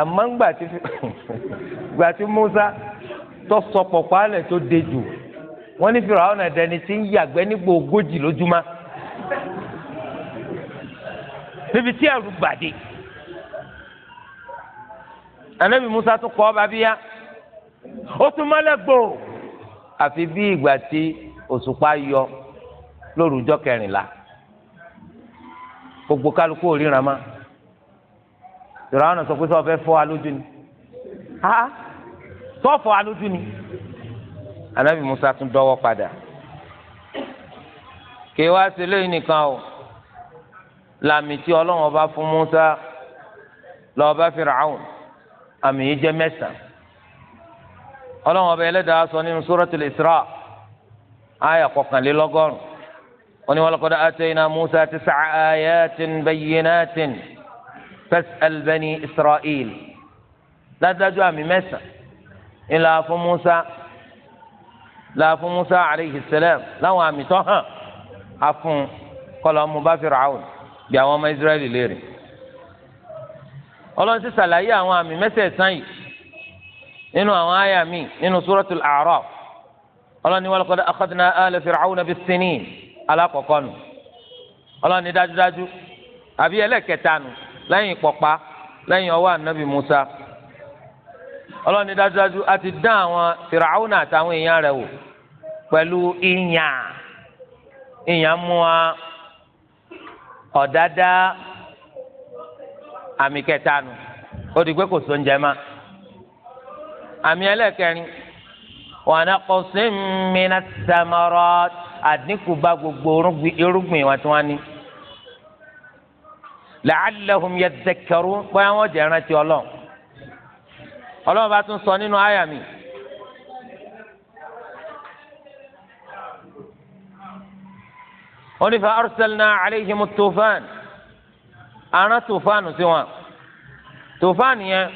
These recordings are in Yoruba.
àmọ́ ńgbà tí gbà tí Musa tó sọ pọ̀pọ̀ alẹ̀ tó de jù wọ́n ní Fìràwọ́n náà dẹni tí ń yàgbẹ́ nígbà ogójì lójúmọ́ níbi tí ẹ̀rù gbàdé anabi Musa tó kọ́ ọba bíyá ó tún mọ́lẹ̀ gbòò àfi bí ìgbà tí òṣùpá yọ lórúkọ kẹrìnlá gbogbo kálukú ò ríran máa tòrọ àwọn sọ pé sọ fẹ́ fọ́ alójú ni ha sọ fọ́ alójú ni anabi musa tún dọ́wọ́ padà kí wá sí lẹ́yìn nìkan o làmì tí ọlọ́run ọba fún musa lọ́ọ́ bá Fir'aun àmì yìí jẹ́ mẹ́sàn-án ọlọ́run ọba ẹlẹ́dàá sọ nínú suratul Isra àyà kọkànlélọ́gọ́rùn-ún wọn ni wọn lọ́kọ́ dá atayna musa tis'a ayatin bayyinatin fas'al bani israel dájú àmì mẹ́sàn ni la fún musa la fún musa aleyhi salam láwọn àmì tó hàn á fún kọlọ́mù bá Fir'aun bí àwọn ọmọ israẹli léèrè ọlọ́run ti sàlàyé àwọn àmì mẹ́sẹ̀ẹ̀sán yìí nínú àwọn àyà mi nínú suratul A'raf ọlọ́run ní walaqad akhadna ala Fir'auna bis-sinin alákọ̀ọ́kọ́ nù ọlọ́run ní dájúdájú àbí ẹlẹ́kẹta nù lẹ́yìn pọ̀pá lẹ́yìn ọwọ́ ànábì Musa ọlọ́ni dájúdájú a ti dán àwọn fìràwọ́nà àtàwọn èèyàn rẹ̀ wò pẹ̀lú ìyàn ìyàn mú wa ọ̀dádá àmì kẹta nù ó di pé kò sóúnjẹ má àmì ẹlẹ́kẹrin wọn naqsim minas samarat àdínkù bá gbogbo irúgbìn wa tí wọ́n ní la'allahum yadhakkarun bóyá wọ́n jẹ́ rántí ọlọ́run ọlọ́run bá tún sọ nínú àyà mi. onífà arsalna alayhim tufan aràn tufan sí wọn tufan yẹn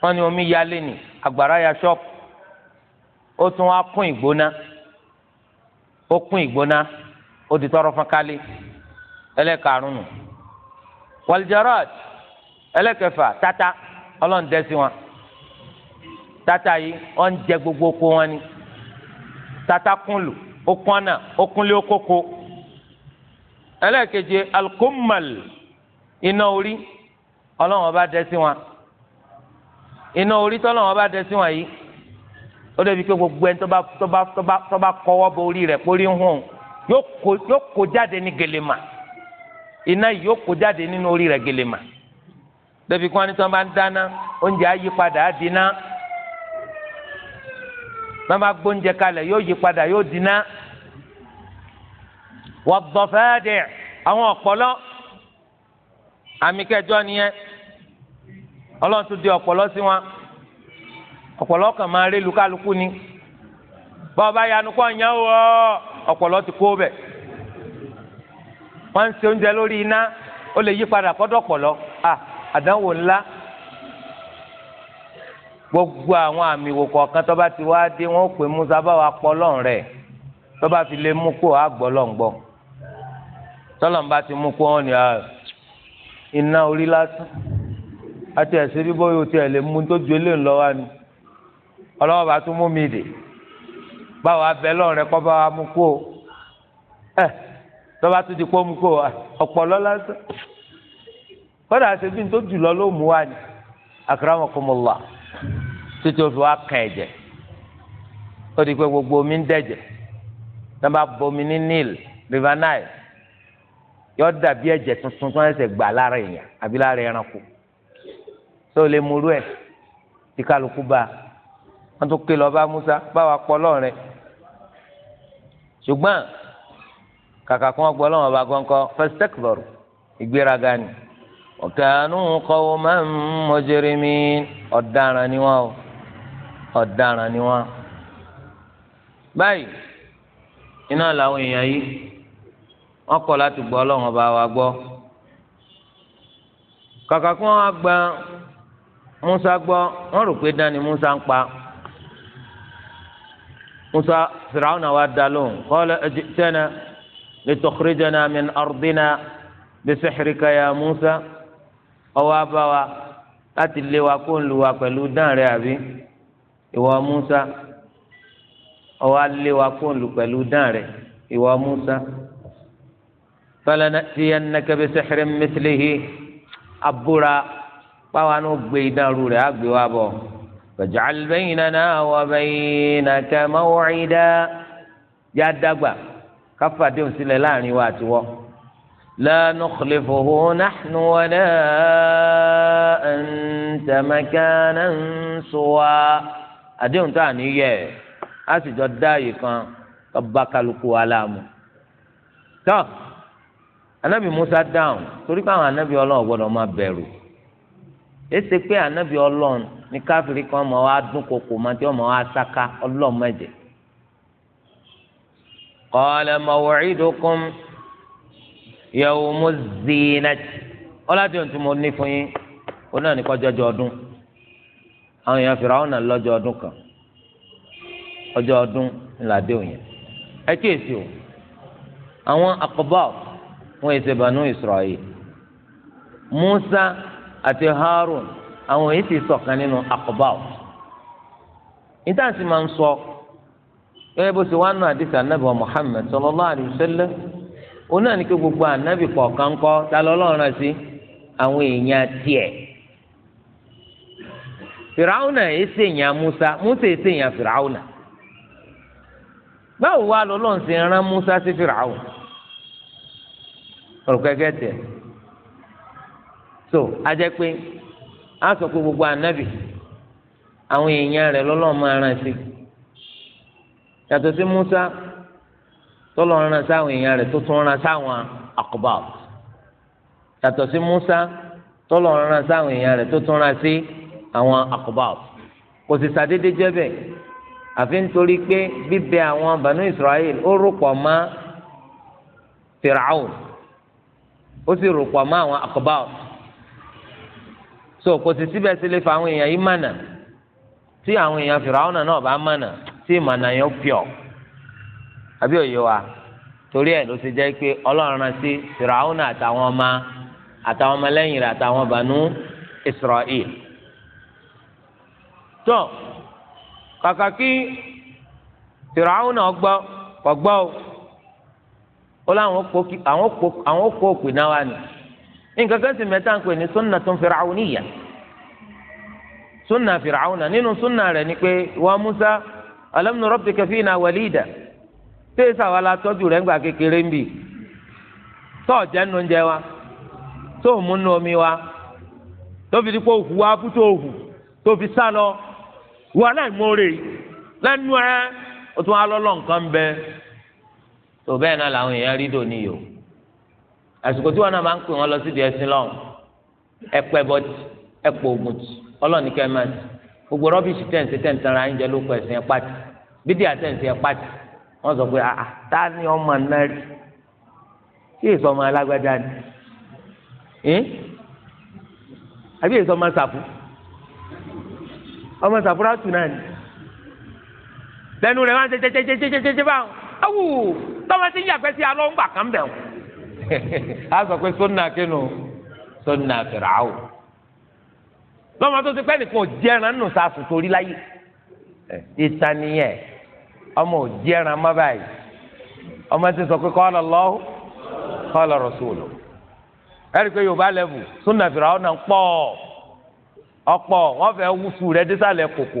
wọ́n ní omi yalé ni àgbàrá ya ṣọ́ọ̀pù ó tún wá kún ìgbóná ó kún ìgbóná ó di tọrọ fún kálí ẹlẹ́karùn-ún wàlìjàrọ́d ẹlẹ́kẹfà tata ọlọ́run dẹ́sí wọn tata yìí wọ́n jẹ gbogbo oko wọn ni tata kúnlù okùnà okùnlé okoko ẹlẹ́keje alkomal iná orí ọlọ́run ọba dẹ́sí wọn iná orí tọ́lọ́run ọba dẹ́sí wọn yìí ó débi pé gbogbo ẹni tó bá tó bá kọ́wọ́ bo orí rẹ̀ pórí ń hùn yóò kó jáde ní gèlè mà iná yìí ó kó jáde nínú orí rẹ̀ gèlè mà débi kí wọ́n ní tí wọ́n bá ń dáná oúnjẹ àyípadà á dínà wọ́n bá gbóúnjẹ kalẹ̀ yóò yípadà yóò dínà wọ́n gbọ́fẹ́ dẹ̀ àwọn ọ̀pọ̀lọ́ àmì kẹjọ nìyẹn ọlọ́run tún di ọ̀pọ̀lọ́ sí wọn ọ̀pọ̀lọ́ kan máa rí lukaluku ni bọ́ọ̀ yanu kọ́ ọ̀nyá wọ́ ọ̀pọ̀lọ́ ti kó bẹ́ẹ̀ wọ́n ń ṣe oúnjẹ lórí iná ó lè yí padà kọ́dọ̀pọ̀lọ́ à àdánwò ńlá gbogbo àwọn àmì ìwò kọ̀ọ̀kan tó bá ti wá dé wọn ó pè musa bá wa pọ̀ lọ́n rẹ̀ tó bá fi lè mú kó a gbọ́ lọ́n gbọ́ tọ́lọ́n bá ti mú kó wọn ni iná orí lásán àti ẹ̀sìn bí bóyá o tiẹ̀ lè mú tó ju eléyìí lọ wá ni ọlọ́wọ́ bá tún mú mi dè báwa bẹ lọ́n rẹ̀ kọ́ bá wa mú kó ẹ̀ tọ́ba tó ti kó mu ah, kó ọ̀pọ̀lọ́ lásán kọ́dà àṣebí tó jùlọ ló mú wa ni akramakumullah títí o fi wá kàn ẹ̀jẹ̀ ó di pé gbogbo omi ń dẹ̀jẹ̀ tó bá bomi ní nil river nile yọ dàbí ẹ̀jẹ̀ tuntun tó ń ṣẹ̀ṣẹ̀ gbà lára èèyàn àbí lára ẹranko tó lè múlú ẹ̀ tí kálukú bá wọn tún ké lọ Musa báwa pọ̀ lọ́rẹ̀ ṣùgbọ́n kàkà kí wọ́n gbọ́ lọ́wọ́ bá gbọ́ńkọ́ fastakbaru ìgbéraga ni wa kanu qawman mujrimin ọ̀daràn ni wọ́n ọ̀daràn ni wọ́n. báyìí iná làwọn èèyàn yìí wọ́n kọ̀ láti gbọ́ lọ́wọ́ bá wa gbọ́ kàkà kí wọ́n gba Musa gbọ́ wọ́n rò pé dání Musa ń pa. Musa Fìràwọ̀n náà wá dá lóhùn qala ajitana. لتخرجنا من أرضنا بسحرك يا موسى أو أبوا أتلي وكون لواك دان رأبي إوا موسى أو ألي وأكون لواكلو دان رأبي إوا موسى فلنأتينك بسحر مثله أبورا báwa ní o gbé ìdánrù فاجعل بيننا وبينك موعدا já dàgbà káfàdé òun sílẹ̀ láàrin wa àti wọ́. la nukhlifuhu nahnu wala anta makanan suwa àdéhùn tó àníyẹ á sì jọ dá àyè kan tó bá kálukú wa láàmú. tó anabi musa dáhùn torí pé àwọn anabi ọlọ́run gbọ́dọ̀ máa bẹ̀rù èsì pé anabi ọlọ́run ní káfíìrì kan máa wá dún kòkò máa tí wọ́n wá sáká ọlọ́run mẹ́jẹ̀. قال موعدكم يوم الزينة ọlá tí wọn ti mọ ní fún yín ó náà ní kọjá ọjọ́ ọdún àwọn èèyàn fìrà ọ̀nà lọ́jọ́ ọdún kan ọjọ́ ọdún ńláde òyìn ẹ kíyèsí o àwọn àkọ́bá wọn èsè bànú Israel Musa àti Harun àwọn èsì ṣọ̀kan nínú àkọ́bá ìtàn sì máa ń sọ. So, gẹ́gẹ́ bó ṣe wá nù àdìsí anabi muhammed sallallahu alaihi gbogbo anabi kọ̀ọ̀kan kọ́ ta lọ lọ́rùn sí àwọn èèyàn tiẹ̀ fìràwùnà èsì musa musa èsì fìràwùnà báwo wá lọ́lọ́run musa sí fìràwùn olùkẹ́kẹ́ tiẹ̀ so ajẹ́ pé a sọ pé gbogbo anabi àwọn èèyàn rẹ̀ lọ́lọ́run máa yàtọ̀ sí Musa tọ́lọ̀ rán sáwọn èèyàn rẹ̀ tó tún rán sáwọn akọ̀bàt yàtọ̀ sí Musa tọ́lọ̀ rán sáwọn èèyàn rẹ̀ tó tún rán sí àwọn akọ̀bàt kò sì sàdédé jẹ́ àfi nítorí pé bíbẹ àwọn bànú Israel ó rúpọ̀ mọ́ Firaun ó sì rúpọ̀ mọ́ àwọn akọ̀bàt so kò sì síbẹ̀ sí lè fa àwọn èèyàn yìí mànà tí àwọn èèyàn Firaun náà bá mànà. tí ìmọ̀nà yẹn pìọ̀ àbí òye wa torí ẹ̀ ló ṣe jẹ́ pé ọlọ́run rán sí fìràhùn àtàwọn ọmọ àtàwọn ọmọlẹ́yìn rẹ̀ àtàwọn bànú Israel tó kàkà kí fìràhùn náà gbọ́ o ó láwọn kó àwọn kó òpè náà wà ní nǹkan kan sì sunna tó ń sunna nínú sunna rẹ̀ ni pé Musa. alam nurabbika fina walida tẹsà wa la tọ́jú rẹ̀ ńgbà kékeré ń bì tọ jẹ nu oúnjẹ wa tó mú nu omi wa tó fi dípò òhù wa fútó òhù tó fi sá lọ wà láì mórè lẹ́nu ẹ o tún alọlọ nǹkan bẹ tó bẹ́ẹ̀ náà làwọn èèyàn rí dòní yìí o àsìkò tí wọn náà máa ń pè wọn lọ sídìí ẹsìn lọ́hùn ẹpẹ bọtì ẹpọ ògùn tì ọlọ́ọ̀nì kẹ́mẹ́tì gbogbo rọ́bìṣì tẹ̀ ń ṣe tẹ̀ ń tanra ẹ̀ ń jẹ ló pẹ̀sìn ẹ̀ pàtì bídí àtẹ̀ǹtì ẹ̀ pàtì wọ́n sọ pé àà tá ni ọmọ náà rí sí ìsọmọ alágbádá ni ẹ́n àbí ìsọmọ sàfù ọmọ sàfúrà tù náà ni lẹ́nu rẹ̀ wọ́n ṣe jẹjẹjẹjẹjẹjẹ báwọn awù tọ́wọ́ ti ń yàgbẹ́ sí alọ́ ńgbà kan bẹ̀ wọ́n. a sọ pé sọ́nà kínú sọ́nà fìràwọ̀ lọ́mọ tó ti pẹ́ nìkan ò jẹ́ran nù sàfù torí láyé ìtànìyàn ọmọ ò jẹ́ran má báyìí ọmọ ti sọ pé qala Allah qala Rasul ẹ̀rí pé yorùbá lẹ́bù súnà fìràwọ́n náà ń pọ̀ ọ̀pọ̀ wọ́n fẹ́ wúsù rẹ̀ dísàlẹ̀ kòkò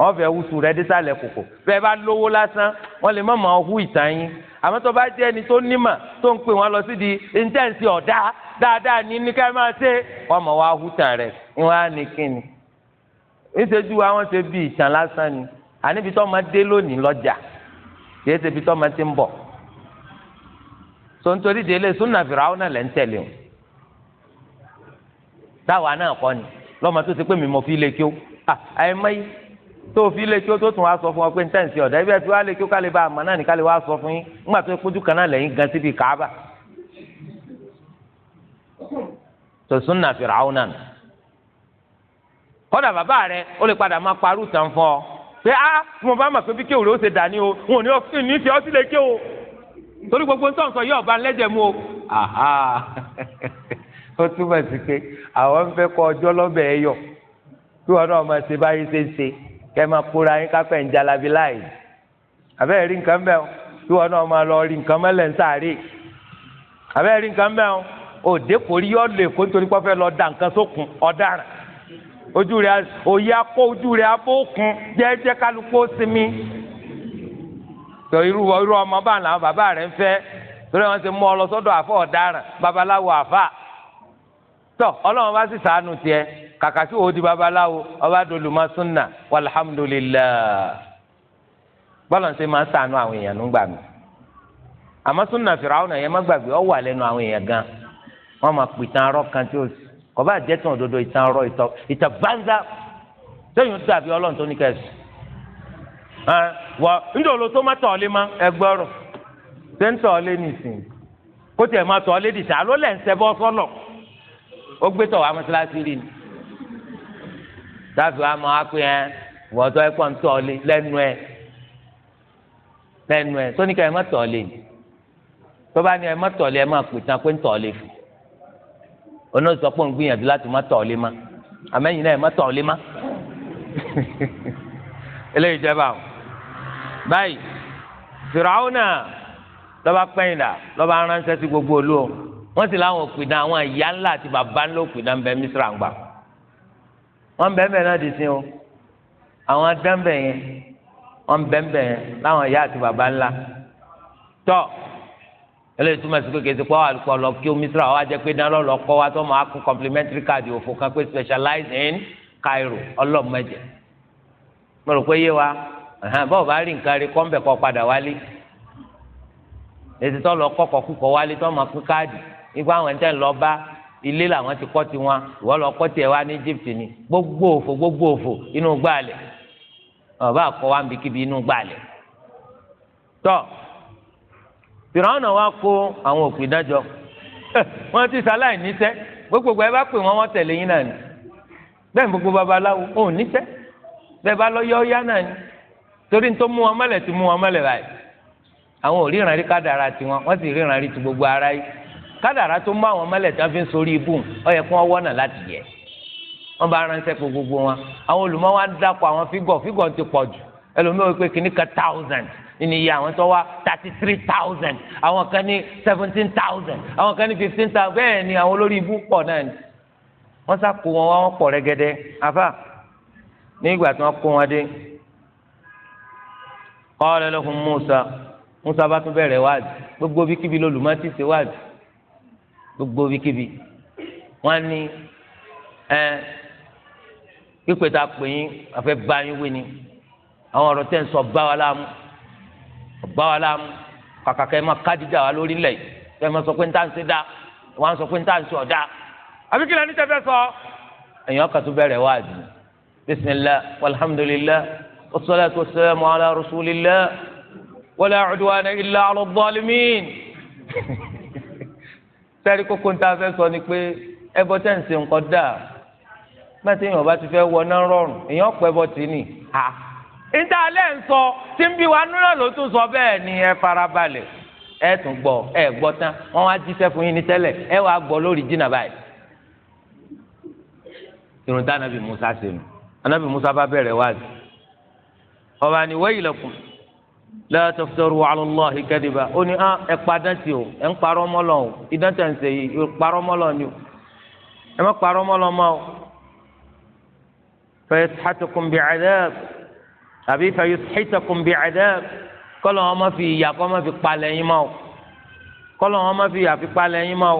wọ́n fẹ́ wúsù rẹ̀ dísàlẹ̀ kòkò bẹ́ẹ̀ bá lówó lásán wọ́n lè má máa hu ìtàn yín àmọ́ tó bá jẹ́ ẹni tó nímà tó ń pè wọ́n lọ sí di intanẹ̀tì ọ̀dá dáadáa ní ní ká máa ṣe wọ́n mọ̀ wá hu tàn rẹ̀ wọ́n á ní kíni ìṣèjú wa wọ́n ṣe bí ìtàn lásán ni àníbi tó máa dé lónìí lọ́jà kìí ṣe ibi tó ti ń bọ̀ sontori délé súnà fìràwọ́ náà lẹ́ ń o táwa náà kọ́ ni lọ́mọ tó ti pé mi mọ̀ fi lè kí o àyè mẹ́yì tó fi lè kí o tó tún wá sọ fún ọ pé ntẹ́ǹsì ọ̀dà ibi àti wá lè kí o ká lè bá a mọ̀ náà ní ká lè wá sọ fún yín ńgbà tó kójú kan lẹ́yìn gan síbi kàába tó súnà fìràwọ́ náà kọ́dà bàbá rẹ ó lè padà máa parú tán fún ọ pé a ah, tí mo bá mọ̀ pé bí kéwòn ló ṣe dà o wọn ò ní fi ọtí lè ké o torí gbogbo ń sọ̀nsọ̀ yóò bá lẹ́jẹ̀ mu o. ó túmọ̀ sí pé àwọn ń fẹ́ kọ ọjọ́ lọ́bẹ̀ ẹ yọ kí wọn náà máa ṣe báyìí ṣe ń ṣe kẹ́ máa kóra yín kápẹ́ ń jalabi láì àbẹ́ẹ̀ rí nǹkan bẹ́ẹ̀ kí wọn náà máa lọ rí nǹkan mọ́lẹ̀ ń sáré àbẹ́ẹ̀ rí nǹkan bẹ́ẹ̀ òde kò rí yọ lè kó nítorí ojú rẹ̀ òye akọ ojú rẹ̀ abókun jẹ́jẹ́ kálukú sinmi tọ irú irú ọmọ bá làwọn bàbá rẹ̀ ń fẹ́ torí wọ́n ti mú ọ lọ sọ́dọ̀ àfọ ọ̀daràn babaláwo àfà tọ Ọlọ́run bá sì sàánú tiẹ̀ kàkà kí òdi babaláwo ọba dolùmọ súnà wàlhámdùlélà bọlọ ń ṣe máa ń sàánú àwọn èèyàn ló ń gbà mí àmọ́ súnà fìràwọn èèyàn má gbàgbé ọ wà lẹ́nu àwọn èèyàn gan wọ́n máa pìtàn arọ kan tí ó sì kò bá jẹ́ tán òdodo ìtàn ọ̀rọ̀ ìtàn ìtàn gbáńdá sẹ́yìn tó dàbí ọlọ́run tó ní kẹ́sì. wọ ndòló tó má tọ̀ọ́lé má ẹgbọ́rọ̀ ṣé ń tọ̀ọ́lé nìsín kó tiẹ̀ má tọ̀ọ́lé dìṣà ló lẹ̀ ń sẹ́bọ́ sọ́lọ̀ ó gbé tọ̀ wá mọ́ṣáláṣí rí ni. dábìá máa pé ẹ wọ́n tọ́ ẹ̀kọ́ ń tọ̀ọ́lé lẹ́nu ẹ lẹ́nu ẹ tó ní kẹ́ má tọ̀ọ́lé tó bá ní ẹ má tọ̀ọ́lé ẹ má pè tán pé ń tọ̀ọ́lé fún un oná sọ pé ń gbìyànjú láti má tọ̀ ọ́lé má àmẹ́yìn náà má tọ̀ ọ́lé má eléyìí jẹba o báyìí fìràwọ́nà lọ́ba pẹ́yìndà lọ́ba aránṣẹ́ sí gbogbo olú o wọ́n sì láwọn òpìdá àwọn ìyá ńlá àti bàbá ńlá òpìdá ń bẹ mísírà ń gbà wọ́n bẹ́ẹ̀ bẹ́ẹ̀ náà di sí o àwọn adánbẹ̀ yẹn wọ́n bẹ́ẹ̀ bẹ́ẹ̀ láwọn ìyá àti bàbá ńlá tọ́ eléyìí túmọ̀ sí pé kèsì pọ́ àlùkò lọ kí o misra wa jẹ́ pé dáná lọ kọ́ wa tó máa kún complimentary card òfò kan pé specialize in Cairo ọlọ́mọdé mo rò pé yé wa báwo bá rí nǹkan rí kọ́ńbẹ̀ kọ́ padà wálé èsì tó lọ kọ́kọ́ kúkọ́ wálé tó máa pín káàdì nígbà àwọn ẹ̀ńtẹ́ lọ bá ilé làwọn ti kọ́ tiwọn ìwọ lọ kọ́ tiẹ̀ wá ní Egypt ni gbogbo òfò gbogbo òfò inú gbàlẹ̀ ọ̀bá àkọ́wá nbíkíbi inú gbàlẹ̀ tọ́. So, fìràwọ̀nà wa kó àwọn òpìdájọ wọ́n ti sáláì níṣẹ́ gbogbogbò ẹ bá pè wọ́n wọ́n tẹ̀lé yín náà ni bẹ́ẹ̀ gbogbo babaláwo ò níṣẹ́ bẹ́ẹ̀ bá lọ yọ́ọ́yá náà ni torí tó mú wọn mọ́lẹ̀ ti mú wọn mọ́lẹ̀ báyìí àwọn ò ríran rí kádàrá tiwọn wọ́n sì ríran ti gbogbo ara yìí tó mú àwọn mọ́lẹ̀ tí wọ́n fi ń ọ kí wọ́n wọ́nà láti yẹ wọ́n bá ránṣẹ́ gbogbo wọn àwọn olùmọ́ wa àwọn fígọ̀ ní iye àwọn tó wá thirty three thousand àwọn kan ní seventeen thousand àwọn kan ní fifteen thousand bẹ́ẹ̀ ni àwọn olórí ibú pọ̀ náà ni wọ́n sá kó wọn wá wọ́n pọ̀ rẹ́gẹ́dẹ́ àfà nígbà tí wọ́n kó wọn dé qala lahum Musa Musa bá tún bẹ̀rẹ̀ wáàdì gbogbo bíkíbi lolùmọ́tì ṣe wáàdì gbogbo bíkíbi wọ́n ní ẹ pípẹ́ tá a pè yín àfẹ́ bá wí ni àwọn ọ̀rọ̀ tẹ̀ ń sọ bá láàmú ọgbà wa láàmú kàkà kẹ́ ẹ máa kádìjà wa lórí ńlẹ̀ yìí kẹ́ ẹ máa sọ pé ń tà ń ṣe dá wọ́n á sọ pé ń tà ń ṣe ọ̀dá àbí kí lẹ́ni tẹ́fẹ́ sọ. èèyàn kàtó bẹ̀rẹ̀ wá àdì bisimilah alhamdulilah wasalaatu wasalaamu ala rasulillah wala cudwana illa ala zalimin. sẹ́ẹ̀rí kókó ń ta fẹ́ sọ ni pé ẹbọ tẹ́ ń ṣe nǹkan dáa mẹ́tẹ̀ẹ́yìn ọba ti fẹ́ wọ náà rọrùn èèyàn pẹ́ bọ́ tì ní níta alẹ́ ń sọ tí ń bí wa nú náà ló tún sọ bẹ́ẹ̀ ni ẹ farabalẹ̀ ẹ tún gbọ́ ẹ gbọ́ tán wọ́n wá jíṣẹ́ fún yín ní tẹ́lẹ̀ ẹ wàá gbọ́ lórí jìnnà báyìí. irun tá anabi musa ṣe nù anabi musa bá bẹ̀rẹ̀ wáàzì ọba ni wẹ́yì lẹ́kùn la taftaru ala Allahi kadiba ó ní ẹ padà sí o ẹ ń parọ́ mọ́lọ́ o idán ń ṣe yìí àbí fẹ̀yì ṣètọ̀kùn bíi àdá kọ́lọ̀ wọn má fi ìyà kọ́ má fi palẹ̀ yín mọ́ kọ́lọ̀ wọn má fi ìyà fi palẹ̀ yín mọ́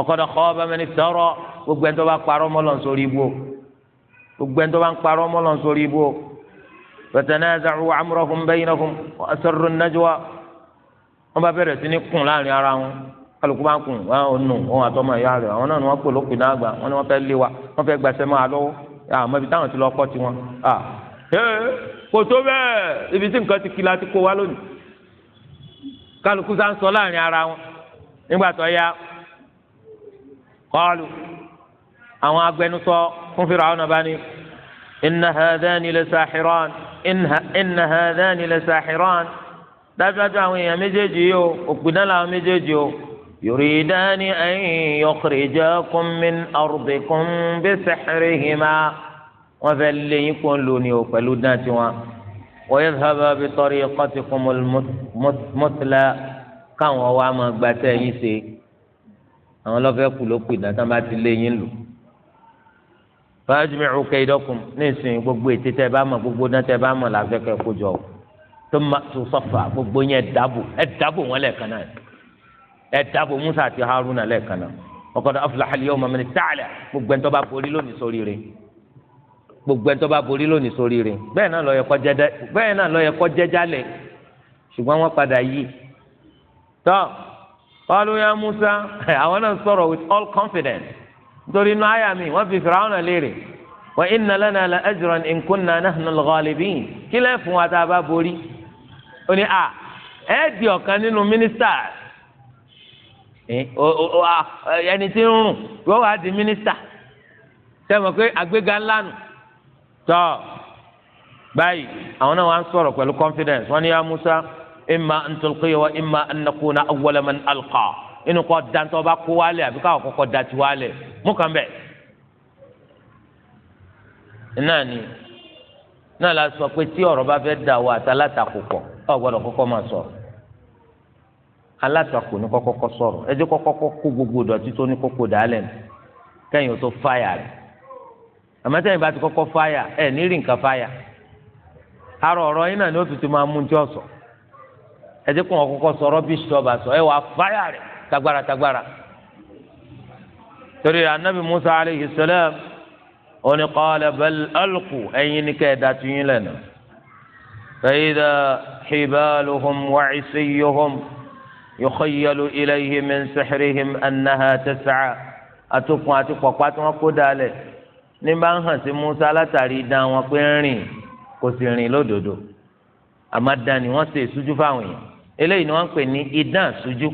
ọ̀kọ́dọ̀ kọ́ ọba mẹni tọrọ gbogbo ẹni tó bá parọ́ mọ́lọ̀ sórí ibú gbogbo ẹni tó bá ń parọ́ mọ́lọ̀ sórí ibú fatanaza'u amrahum baynahum wa asarru najwa wọn bá bẹ̀rẹ̀ sí ní kùn láàrin ara wọn kálukú bá kùn wọn ò nù wọn àtọmọ ìyá rẹ àwọn náà ni wọn pè lópin náà gbà wọn ni wọn fẹ́ lé wa wọn fẹ́ gbàsẹ́ mọ́ àlọ́wọ́ kò tó bẹ́ẹ̀ ibi tí nǹkan ti kí la ti kó wa lónìí kálukú sá ń sọ láàrin ara wọn nígbà tó yá kọlu àwọn agbẹnusọ fún fìrà ọ̀nà bá ní inna hadhani la sahiran inna hadhani la sahiran dájúdájú àwọn èèyàn méjèèjì yìí o òpinna làwọn méjèèjì o yuridani an yukhrijakum min ardikum bi sihrihima wọ́n fẹ́ lé yín kó ń lò ní o pẹ̀lú dán tiwọn wọ́n yẹ sábà bí tọ́rí kọ́tì kún mọ́tìlá káwọn wa máa gba tẹ́ yín ṣe àwọn lọ́fẹ́ kù ló kù ìdá tán bá ti lé yín lò fàájúmíhù kẹ́hìndọ́kùn nísìnyí gbogbo ètè tẹ́ bá mọ̀ gbogbo dán tẹ́ bá mọ̀ làfẹ́ kẹ́ tó má tó sọ́fà gbogbo yẹn dáàbò ẹ dáàbò wọn lẹ́ẹ̀kan náà ẹ dáàbò Musa àti Haruna lẹ́ẹ̀kan náà ọkọ̀ dọ́ afúlàhálì yóò mọ̀ mẹ́ni tààlà gbogbo ẹ̀ gbogbo ẹni tó bá borí lónìí sórí rẹ̀ bẹ́ẹ̀ náà ló yẹ bẹ́ẹ̀ náà ló yẹ kó ṣùgbọ́n wọ́n padà yí tọ́ qalu Musa àwọn náà sọ̀rọ̀ with all confidence nítorí inú àyà mi wọ́n fi fìrà ọ̀nà léèrè wa inna lana la ajran in kunna nahnu al-ghalibin kí lẹ́ fún wa tá a bá borí ó ní a ẹ di ọ̀kan nínú mínísítà ẹni tí ń rùn yóò wá di mínísítà sẹ́wọ̀n pé àgbéga ńlá nù tọ́ báyìí àwọn náà wọ́n á sọ̀rọ̀ confidence wọn ni ya Musa imma an tulqi wa imma an nakuna awwala man alqa inú kọ́ dantọ́ bá kó wálẹ̀ àbí káwọn kọ́kọ́ dati wálẹ̀ mú kàn náà ni náà la sọ pé tí ọ̀rọ̀ bá fẹ́ dà wọ àti alátakò pọ̀ ọ̀ máa alátakò ní àmọ́ sẹ́yìn bá ti kọ́kọ́ fáyà ẹ̀ ní rí nǹkan fáyà arọ ọ̀rọ̀ yín náà ni ó tutù máa mú tí ó sọ ẹ ti kún ọkọ̀kọ́ sọ rọ́bìṣì tó bá sọ ẹ wàá fáyà rẹ̀ tagbára tagbára torí anabi musa aleyhi salam oní kọ́lẹ̀ bẹ́ẹ̀ ọlùkù ẹ̀yin ni kẹ́ dá tuyín lẹ́nu fẹ́yìdà xibaluhum wàcísiyuhum yukhayalu ilayhi min sixirihim anaha tasaca atukun àti pọ̀pá tí wọ́n kó dálẹ̀ ní bá ń hàn sí Musa látàrí dán wọn pé ń rìn kò sì rìn lódodo àmọ́ dán ni wọ́n ṣe ìṣújú fáwọn èèyàn eléyìí ni wọ́n ń pè ní idán ìṣújú.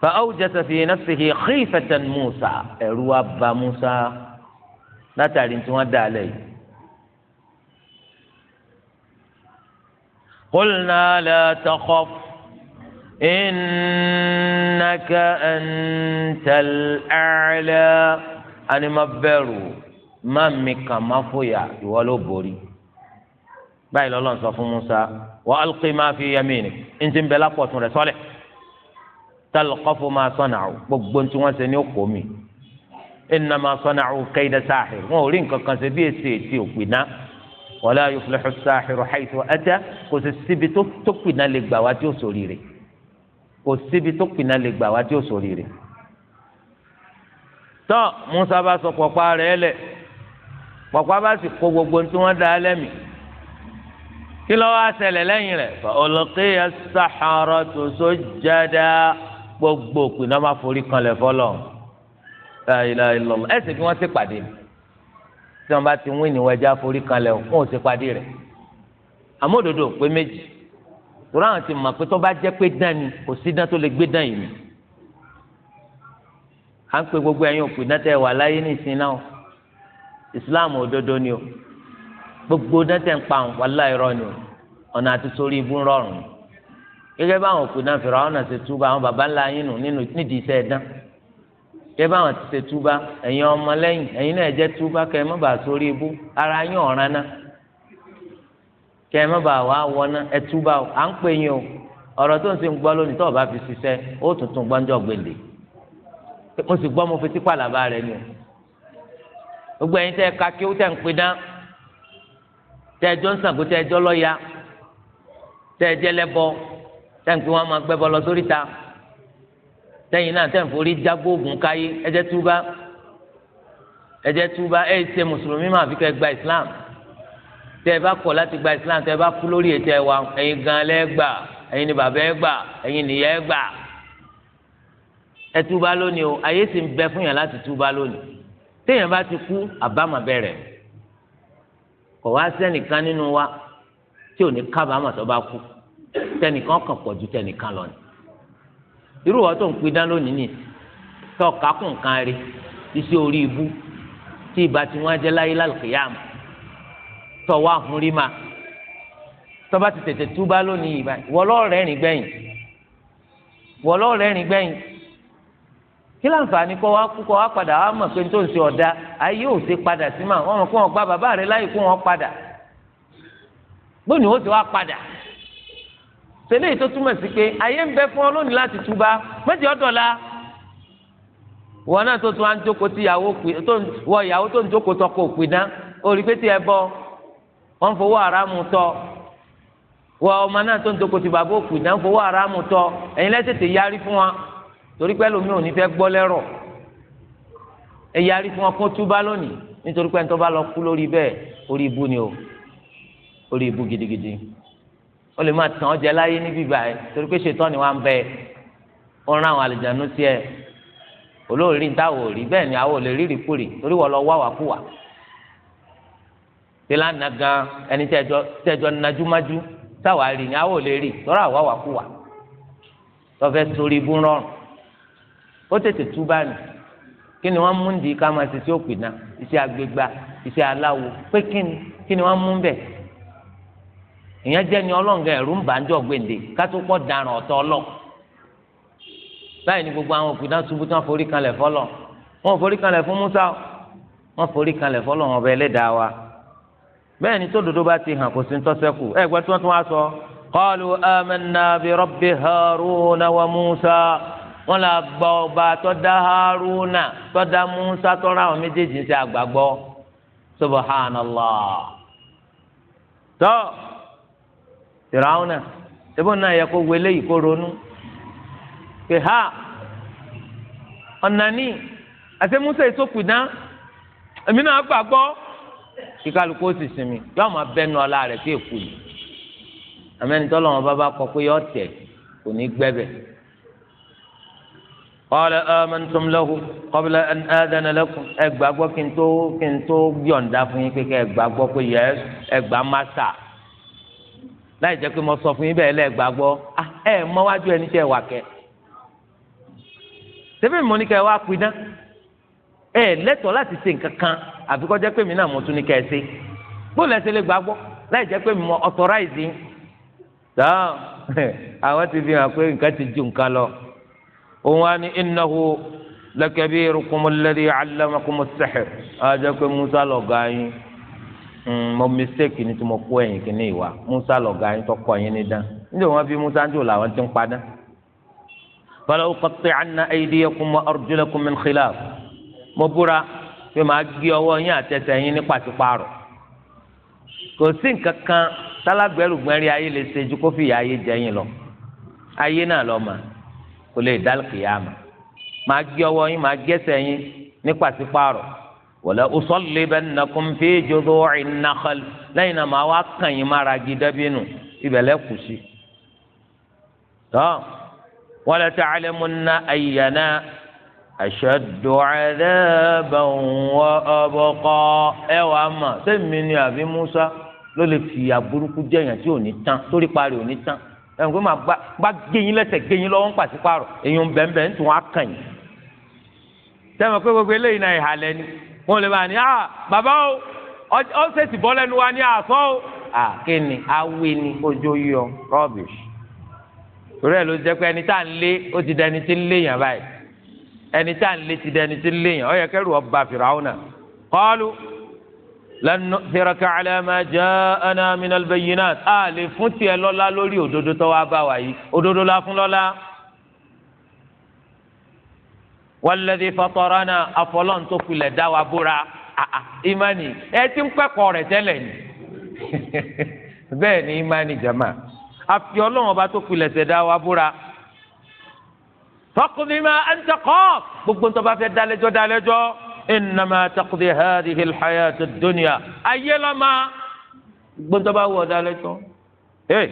fa awjasa fi nafsihi khifatan Musa ẹ̀rù wa bà Musa látàrí tí wọ́n dá a lẹ́yìn. قلنا لا تخف إنك أنت الأعلى ani má bẹ̀rù má mi kàn má fòyà ìwọ ló borí báyìí lọ́lọ́run sọ fún Musa wa alqi ma fi yaminik ntí ń bẹ lápọ̀tún rẹ̀ sọ́lẹ̀ talqafu ma sana'u gbogbo ntí wọ́n ṣe ní òkò mi innama sana'u kayda sahir wọn ò rí nǹkan kan ṣe bí èsì ètí òpinna wala yuflihu sahiru haythu ata kò sì síbi tó pinna lè gbà wá tí ó sòrí rẹ̀ kò síbi tó pinna lè gbà wá tí ó sòrí rẹ̀ tọ́ Musa bá sọ pọ̀pá rẹ̀ lẹ̀ pọ̀pá bá sì kó gbogbo tí wọ́n dá lẹ́mìí kí ló wá ṣẹlẹ̀ lẹ́yìn rẹ̀ fa ulqiya as-saharatu sujjada gbogbo òpin náà má forí kanlẹ̀ fọlọ́ la ilaha illallah ẹ̀sìn kí wọ́n ti pàdé tí wọ́n bá ti wí ní wẹ́jà forí kanlẹ̀ fún òsì pàdé rẹ̀ àmọ́ òdodo pé méjì tó ráhùn ti mọ̀ pé tó bá jẹ́ pé dán kò sí dán tó lè gbé dán yìí à ń pe gbogbo ẹ̀yin òkú dantẹ wà láyé nìsín náà islam òdodo ni o gbogbo dantẹ ń pa wàhálà irọ́ ni o ọ̀nà àti sórí ibú rọrùn gẹ́gẹ́ báwọn òkú náà fẹ̀rọ àwọn náà ṣe túbà àwọn baba ńlá yín nù nínú nídìí iṣẹ́ ẹ̀dá gẹ́gẹ́ báwọn ti ṣe túbà ẹ̀yin ọmọ lẹ́yìn ẹ̀yin náà jẹ́ túbà kẹ́ ẹ má bàa sórí ibú ara yín ọ̀ràn náà kẹ́ ẹ má bàa wá wọ náà ẹ túbà à ń pè yín o ọ̀rọ̀ tó ń ṣe gbọ́ lónìí tó o bá fi ṣiṣẹ́ ó tuntun gbọ́njọ́ gbèlè mo sì gbọ́ mo fi tipa làbá rẹ ni o gbogbo ẹ̀yin tẹ́ ka kí ó tẹ̀ ń pin dán tẹ́ ẹjọ́ ń sàgó tẹ́ ẹjọ́ lọ́ya tẹ́ ẹjẹ́ lẹ́bọ tẹ́ ń pin wọn máa gbẹ́bọ lọ sórí ta tẹ́yìn náà tẹ́ ń forí jágbó oògùn káyé ẹjẹ́ túbá ẹjẹ́ túbá ẹ̀ ṣe mùsùlùmí máa fi kẹ́ gba ìsìláàmù tẹ ẹ bá kọ̀ láti gba islam tẹ ẹ bá kú lórí ètò ẹwà ẹ̀yin gan lẹ gbà ẹ̀yin ni bàbá ẹ gbà ẹ̀yin nìyá gbà ẹ túbá lónìí o ayé sì ń bẹ fún yàn láti túbá lónìí téèyàn bá ti kú àbámọ̀ bẹ̀rẹ̀ kò wá sẹ́nìkan nínú wa tí ò ní kábàámọ̀ tó bá kú tẹnìkan kàn pọ̀ ju tẹnìkan lọ ni irú wa tó ń pidá lónìí nì tó kákùn kan rí iṣẹ́ orí ibú tí ìbá tí wọ́n jẹ́ láyé lálùkìyàmù tó wá hun rí ma tó bá ti tètè túbá lónìí ìbá wọ́lọ́ọ̀rẹ́ rìn gbẹ̀yìn wọ́lọ́ọ̀rẹ́ rìn gbẹ̀yìn kí láǹfààní kọ́ wa kú kọ́ wa padà wa mọ̀ pé tó ń ṣe ọ̀dà ayé ò ṣe padà sí mà wọ́n mọ̀ kó wọn gba bàbá rẹ láyè kó wọn padà ni ó ti wá padà tẹ́lẹ̀ yìí tó túmọ̀ sí pé ayé ń bẹ fún ọ lónìí láti túba méjì ọ̀dọ̀ la wọn náà tó tún á ń jókòó tí ìyàwó pè tó wọ ìyàwó tó ń jókòó tọkọ òpè ná orí pé tí ẹ bọ wọn fowó aráàmù tọ wọ ọmọ náà tó ń jókòó tí bàbá òpè ná fowó aráàmù tọ ẹ̀yin lẹ́sẹ̀ yarí fún wa torí pé ẹlòmíì ò ní fẹ́ gbọ́ lẹ́rọ̀ ẹ yarí tí wọ́n kún túbá lónìí nítorí pé ẹni tó bá lọ kú lórí bẹ́ẹ̀ orí ibu ni o orí ibu gidigidi ó lè máa tàn ọ́ jẹ láyé níbí báyìí torí pé ṣètọ́ ni wọ́n á ń bẹ ó ń rán àwọn àlìjánu sí ẹ olóòrí táwọn ò rí bẹ́ẹ̀ ni àwọn ò lè rírì kúrì torí wọ́n lọ wá wà kú wà tẹ́lá na gan ẹni tẹ́jọ́ najúmájú táwọn àrí ni àwọn ò lè rí tọ́ra àwa wà kú wà tọ́fẹ́ sórí ibú rọrùn ó tètè túbà nì kí ni wọ́n mú ń di ká máa ṣe sí òpìdán iṣẹ́ agbègbà iṣẹ́ aláwo pé kí ni kí ni wọ́n mú ń bẹ̀ ìyẹn jẹ́ ni ọlọ́ǹgá ẹ̀rú ń bàjọ́ gbèǹde kátó pọ̀ daràn ọ̀tọ̀ ọlọ́ báyìí ni gbogbo àwọn òpìdán ṣubú tí wọ́n forí kanlẹ̀ fọlọ́ wọn forí kanlẹ̀ fún Musa wọn forí kanlẹ̀ fọlọ́ wọn bẹ ẹlẹ́dàá wa bẹ́ẹ̀ ni tódodo bá ti hàn kò sí ntọ́sẹ́kù ẹ gbọ́ tí wọ́n tún wá sọ qalu amanna bi Haruna wa Musa wọn là gba ọba tọ́da haruna tọ́da musa tọ́ra àwọn méjèèjì ṣe àgbàgbọ́ subhanallah tọ́ fìràwùnà ebi wọn náà yẹ kó wọlé yìí kó ronú pé ha ọ̀nàní àti musa ìsopìdán èmi náà gbàgbọ́ kíkálukú ó sì sinmi yóò máa bẹnu ọlá rẹ̀ sí èkó yìí amẹ́nitọ́ lọ́wọ́ bá bá kọ pé yọ tẹ̀ kò ní gbẹ́bẹ̀ qala amantum lahu qabla an adana lakum ẹ gbàgbọ́ kí n tó kí n tó yọ̀ǹda fún yín pé kẹ́ ẹ gbàgbọ́ pé yẹ ẹ gbà máta láì jẹ́ pé mo sọ fún yín bẹ́ẹ̀ lẹ́ẹ̀ gbàgbọ́ ah, ẹ mọ wájú ẹni tẹ́ wà kẹ́ tẹ́fẹ́ mi mọ́ ní kẹ́ ẹ wá pidán ẹ lẹ́tọ̀ọ́ láti ṣe nǹkan kan àfikọ́ jẹ́ òun á ní innahu lakabirukum alladhi allamakum as-sihr ajá pé musa lọ̀gá yín hmm, mo mistake ni tí mo kó ẹ̀yìn kìíní ìwà musa lọ̀gá yín tó kọ́ yín ní dán níjẹ́ wọn bí musa ń jò làwọn ti ń padà. fala uqatti'anna aydiyakum wa arjulakum min khilaf mo búra pé màá gé ọwọ́ yín àtẹsẹ̀ yín ní pàṣípààrọ̀ kò sí nǹkan kan tálágbẹ́rùgbẹ́rì ayé lè ṣe ju kó fìyà ayé jẹ yín lọ ayé náà lọ màá kò lè dá kìyàmà máa gé ọwọ́ yín máa gẹ́sẹ̀ yín ní pàṣípààrọ̀ wala usallibannakum fi judu'in nakhal lẹ́yìn náà máa wá kàn yín mára gi dẹ́bínú ìbẹ̀lẹ̀ kù sí. wala ta'lamunna ayyana ashaddu 'adaban wa abqa ẹ wà mà sẹ́mi ni àbí Musa ló lè fìyà burúkú jẹ̀yàn tí ò ní tán torí parí ò ní tán ẹ̀hún pé màá bá géyín lẹ́sẹ̀ géyín lọ́wọ́ ń pàṣípààrọ̀ èyí ń bẹ̀ẹ́ ń tún wá kàn yín. sẹ́wọ̀n pé gbogbo eléyìí náà ìhàlẹ̀ ni wọ́n lè bá ní à ah, bàbá o ó ṣèṣì bọ́ lẹ́nu wa ní àsọ o. àkínni awé ni ojú yọ rubbish. torí ẹ̀ ló jẹ́ pé ẹni tá à ń lé ó ti dẹni tí ń léèyàn báyìí ẹni tá à ń lé ti dẹni tí ń léèyàn ó yẹ kẹ́rù ọ lẹ́nu sẹ́rẹ̀kẹ́ àlẹ́mẹ́ jẹ́ ẹ̀nà minal bayyinat a lè fún tiẹ̀ lọ́la lórí òdodo tó wá bá wa yìí òdodo la fún lọ́la. walladhi fatarana afọlọ́n tó kulẹ̀ dá wa bóra imani ẹ ti ń pẹ́kọ̀ọ́ rẹ̀ tẹ́lẹ̀ ni bẹ́ẹ̀ ni imani jama àfi ọlọ́run ọba tó kulẹ̀ tẹ̀ dá wa bóra. faqdi ma anta gbogbo ntọ́ bá fẹ́ dálẹ́jọ́ dálẹ́jọ́ innama taqdi hadhihi alhayat ad-dunya ayé lọ́mọ gbọ́dọ̀ bá wọ̀ ọ̀dà lẹ́tọ́ ee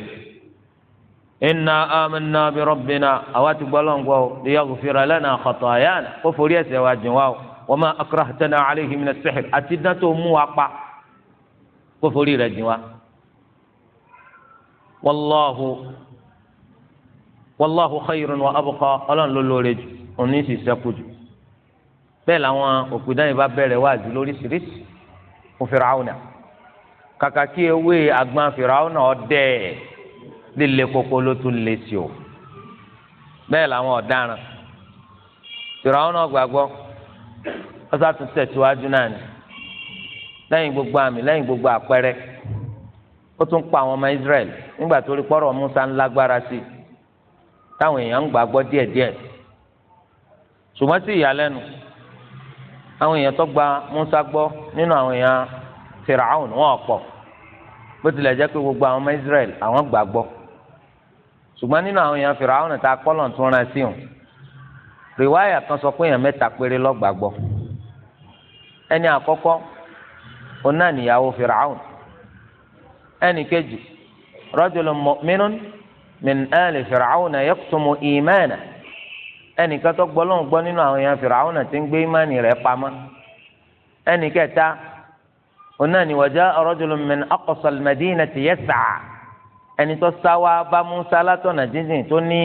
inna amanna bi rabbina àwa ti gbọ́ lọ́nkọ́ o liyaghfira lana khatayana kó forí ẹ̀ṣẹ̀ wa jìn wá o wa ma akrahtana alayhi min as-sihr àti dantó mú wa pa kó forí rẹ̀ jìn wá wallahu wallahu khayrun wa abqa ọlọ́run ló lóore jù òun ní sì sẹ́kù jù bẹ́ẹ̀ làwọn òpìdán yìí bá bẹ̀rẹ̀ wáàzì lóríṣiríṣi fún fìràwùnà kàkà kí ewé àgbọn fìràwùnà ọdẹ líle koko ló tún lè sí o bẹ́ẹ̀ làwọn ọ̀daràn fìràwùnà gbàgbọ́ ọ̀sà tún tẹ̀síwájú náà ni lẹ́yìn gbogbo àmì lẹ́yìn gbogbo àpẹẹrẹ ó tún pa àwọn ọmọ Israẹli nígbà tó rí pọ́rọ̀ Musa ń lágbára sí i táwọn èèyàn ń gbàgbọ́ díẹ̀díẹ̀ ṣùgbọ́n sí ìyàlẹ́nu àwọn èèyàn tó gba Musa gbọ́ nínú àwọn èèyàn Firaun wọn pọ̀ bó tilẹ̀ jẹ́ pé gbogbo àwọn ọmọ Israel àwọn gbà gbọ́ ṣùgbọ́n nínú àwọn èèyàn Firaun ta kọ́lọ̀ tó rán sí wọn rìwáyà kan sọ pé èèyàn mẹ́ta péré ló gbà ẹni àkọ́kọ́ òun náà nìyàwó Firaun ẹni kejì rajulun mu'minun min ali Firaun yaktumu imanahu. ẹnìkan tó gbọ́ lóhùn gbọ́ nínú àwọn èèyàn Fir'auna tí ń gbé ìmánì rẹ̀ pamọ́ ẹnì kẹta ọ̀nà ni waja'a rajulun min aqsa al-madinati yas'a ẹni tó sáwá bá Musa látọ̀nà tó ní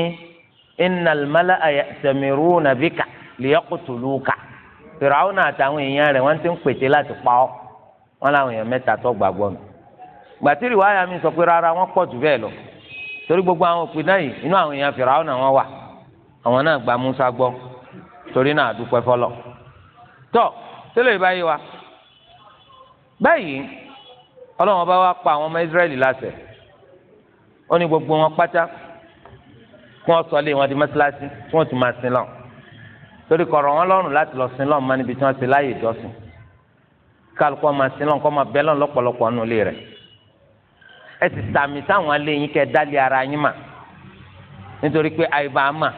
bika liyaqtuluka Fir'auna àtàwọn èèyàn rẹ̀ wọ́n ti ń pète láti pa ọ́ wọ́n láwọn èèyàn mẹ́ta tó gbàgbọ́ mi gbàtírí wáyà mi sọ pé rárá wọ́n gbogbo àwọn òpin náà yìí inú àwọn èèyàn wọ́n àwọn náà gba Musa gbọ́ torí náà àdúpẹ́ fọlọ́ tọ́ tẹ́lẹ̀ ìbáyé wa báyìí ọlọ́run ọba wa pa àwọn ọmọ Israẹli láṣẹ ó ní gbogbo wọn pátá kí wọ́n sọlé wọn di mọ́sálásí kí wọ́n tún máa sin lọ torí kọ̀rọ̀ wọn lọ́rùn láti lọ sin lọ́ọ̀ mọ́ níbi tí wọ́n ti láàyè ìjọsìn kálukọ́ máa sin lọ́ọ̀ kọ́ máa bẹ́ lọ́ọ̀ lọ́pọ̀lọpọ̀ nù ilé rẹ̀ ẹ sì sàmì sáwọn alẹ́ yín kẹ́ dálé ara yín mà nítorí pé àyíbá mà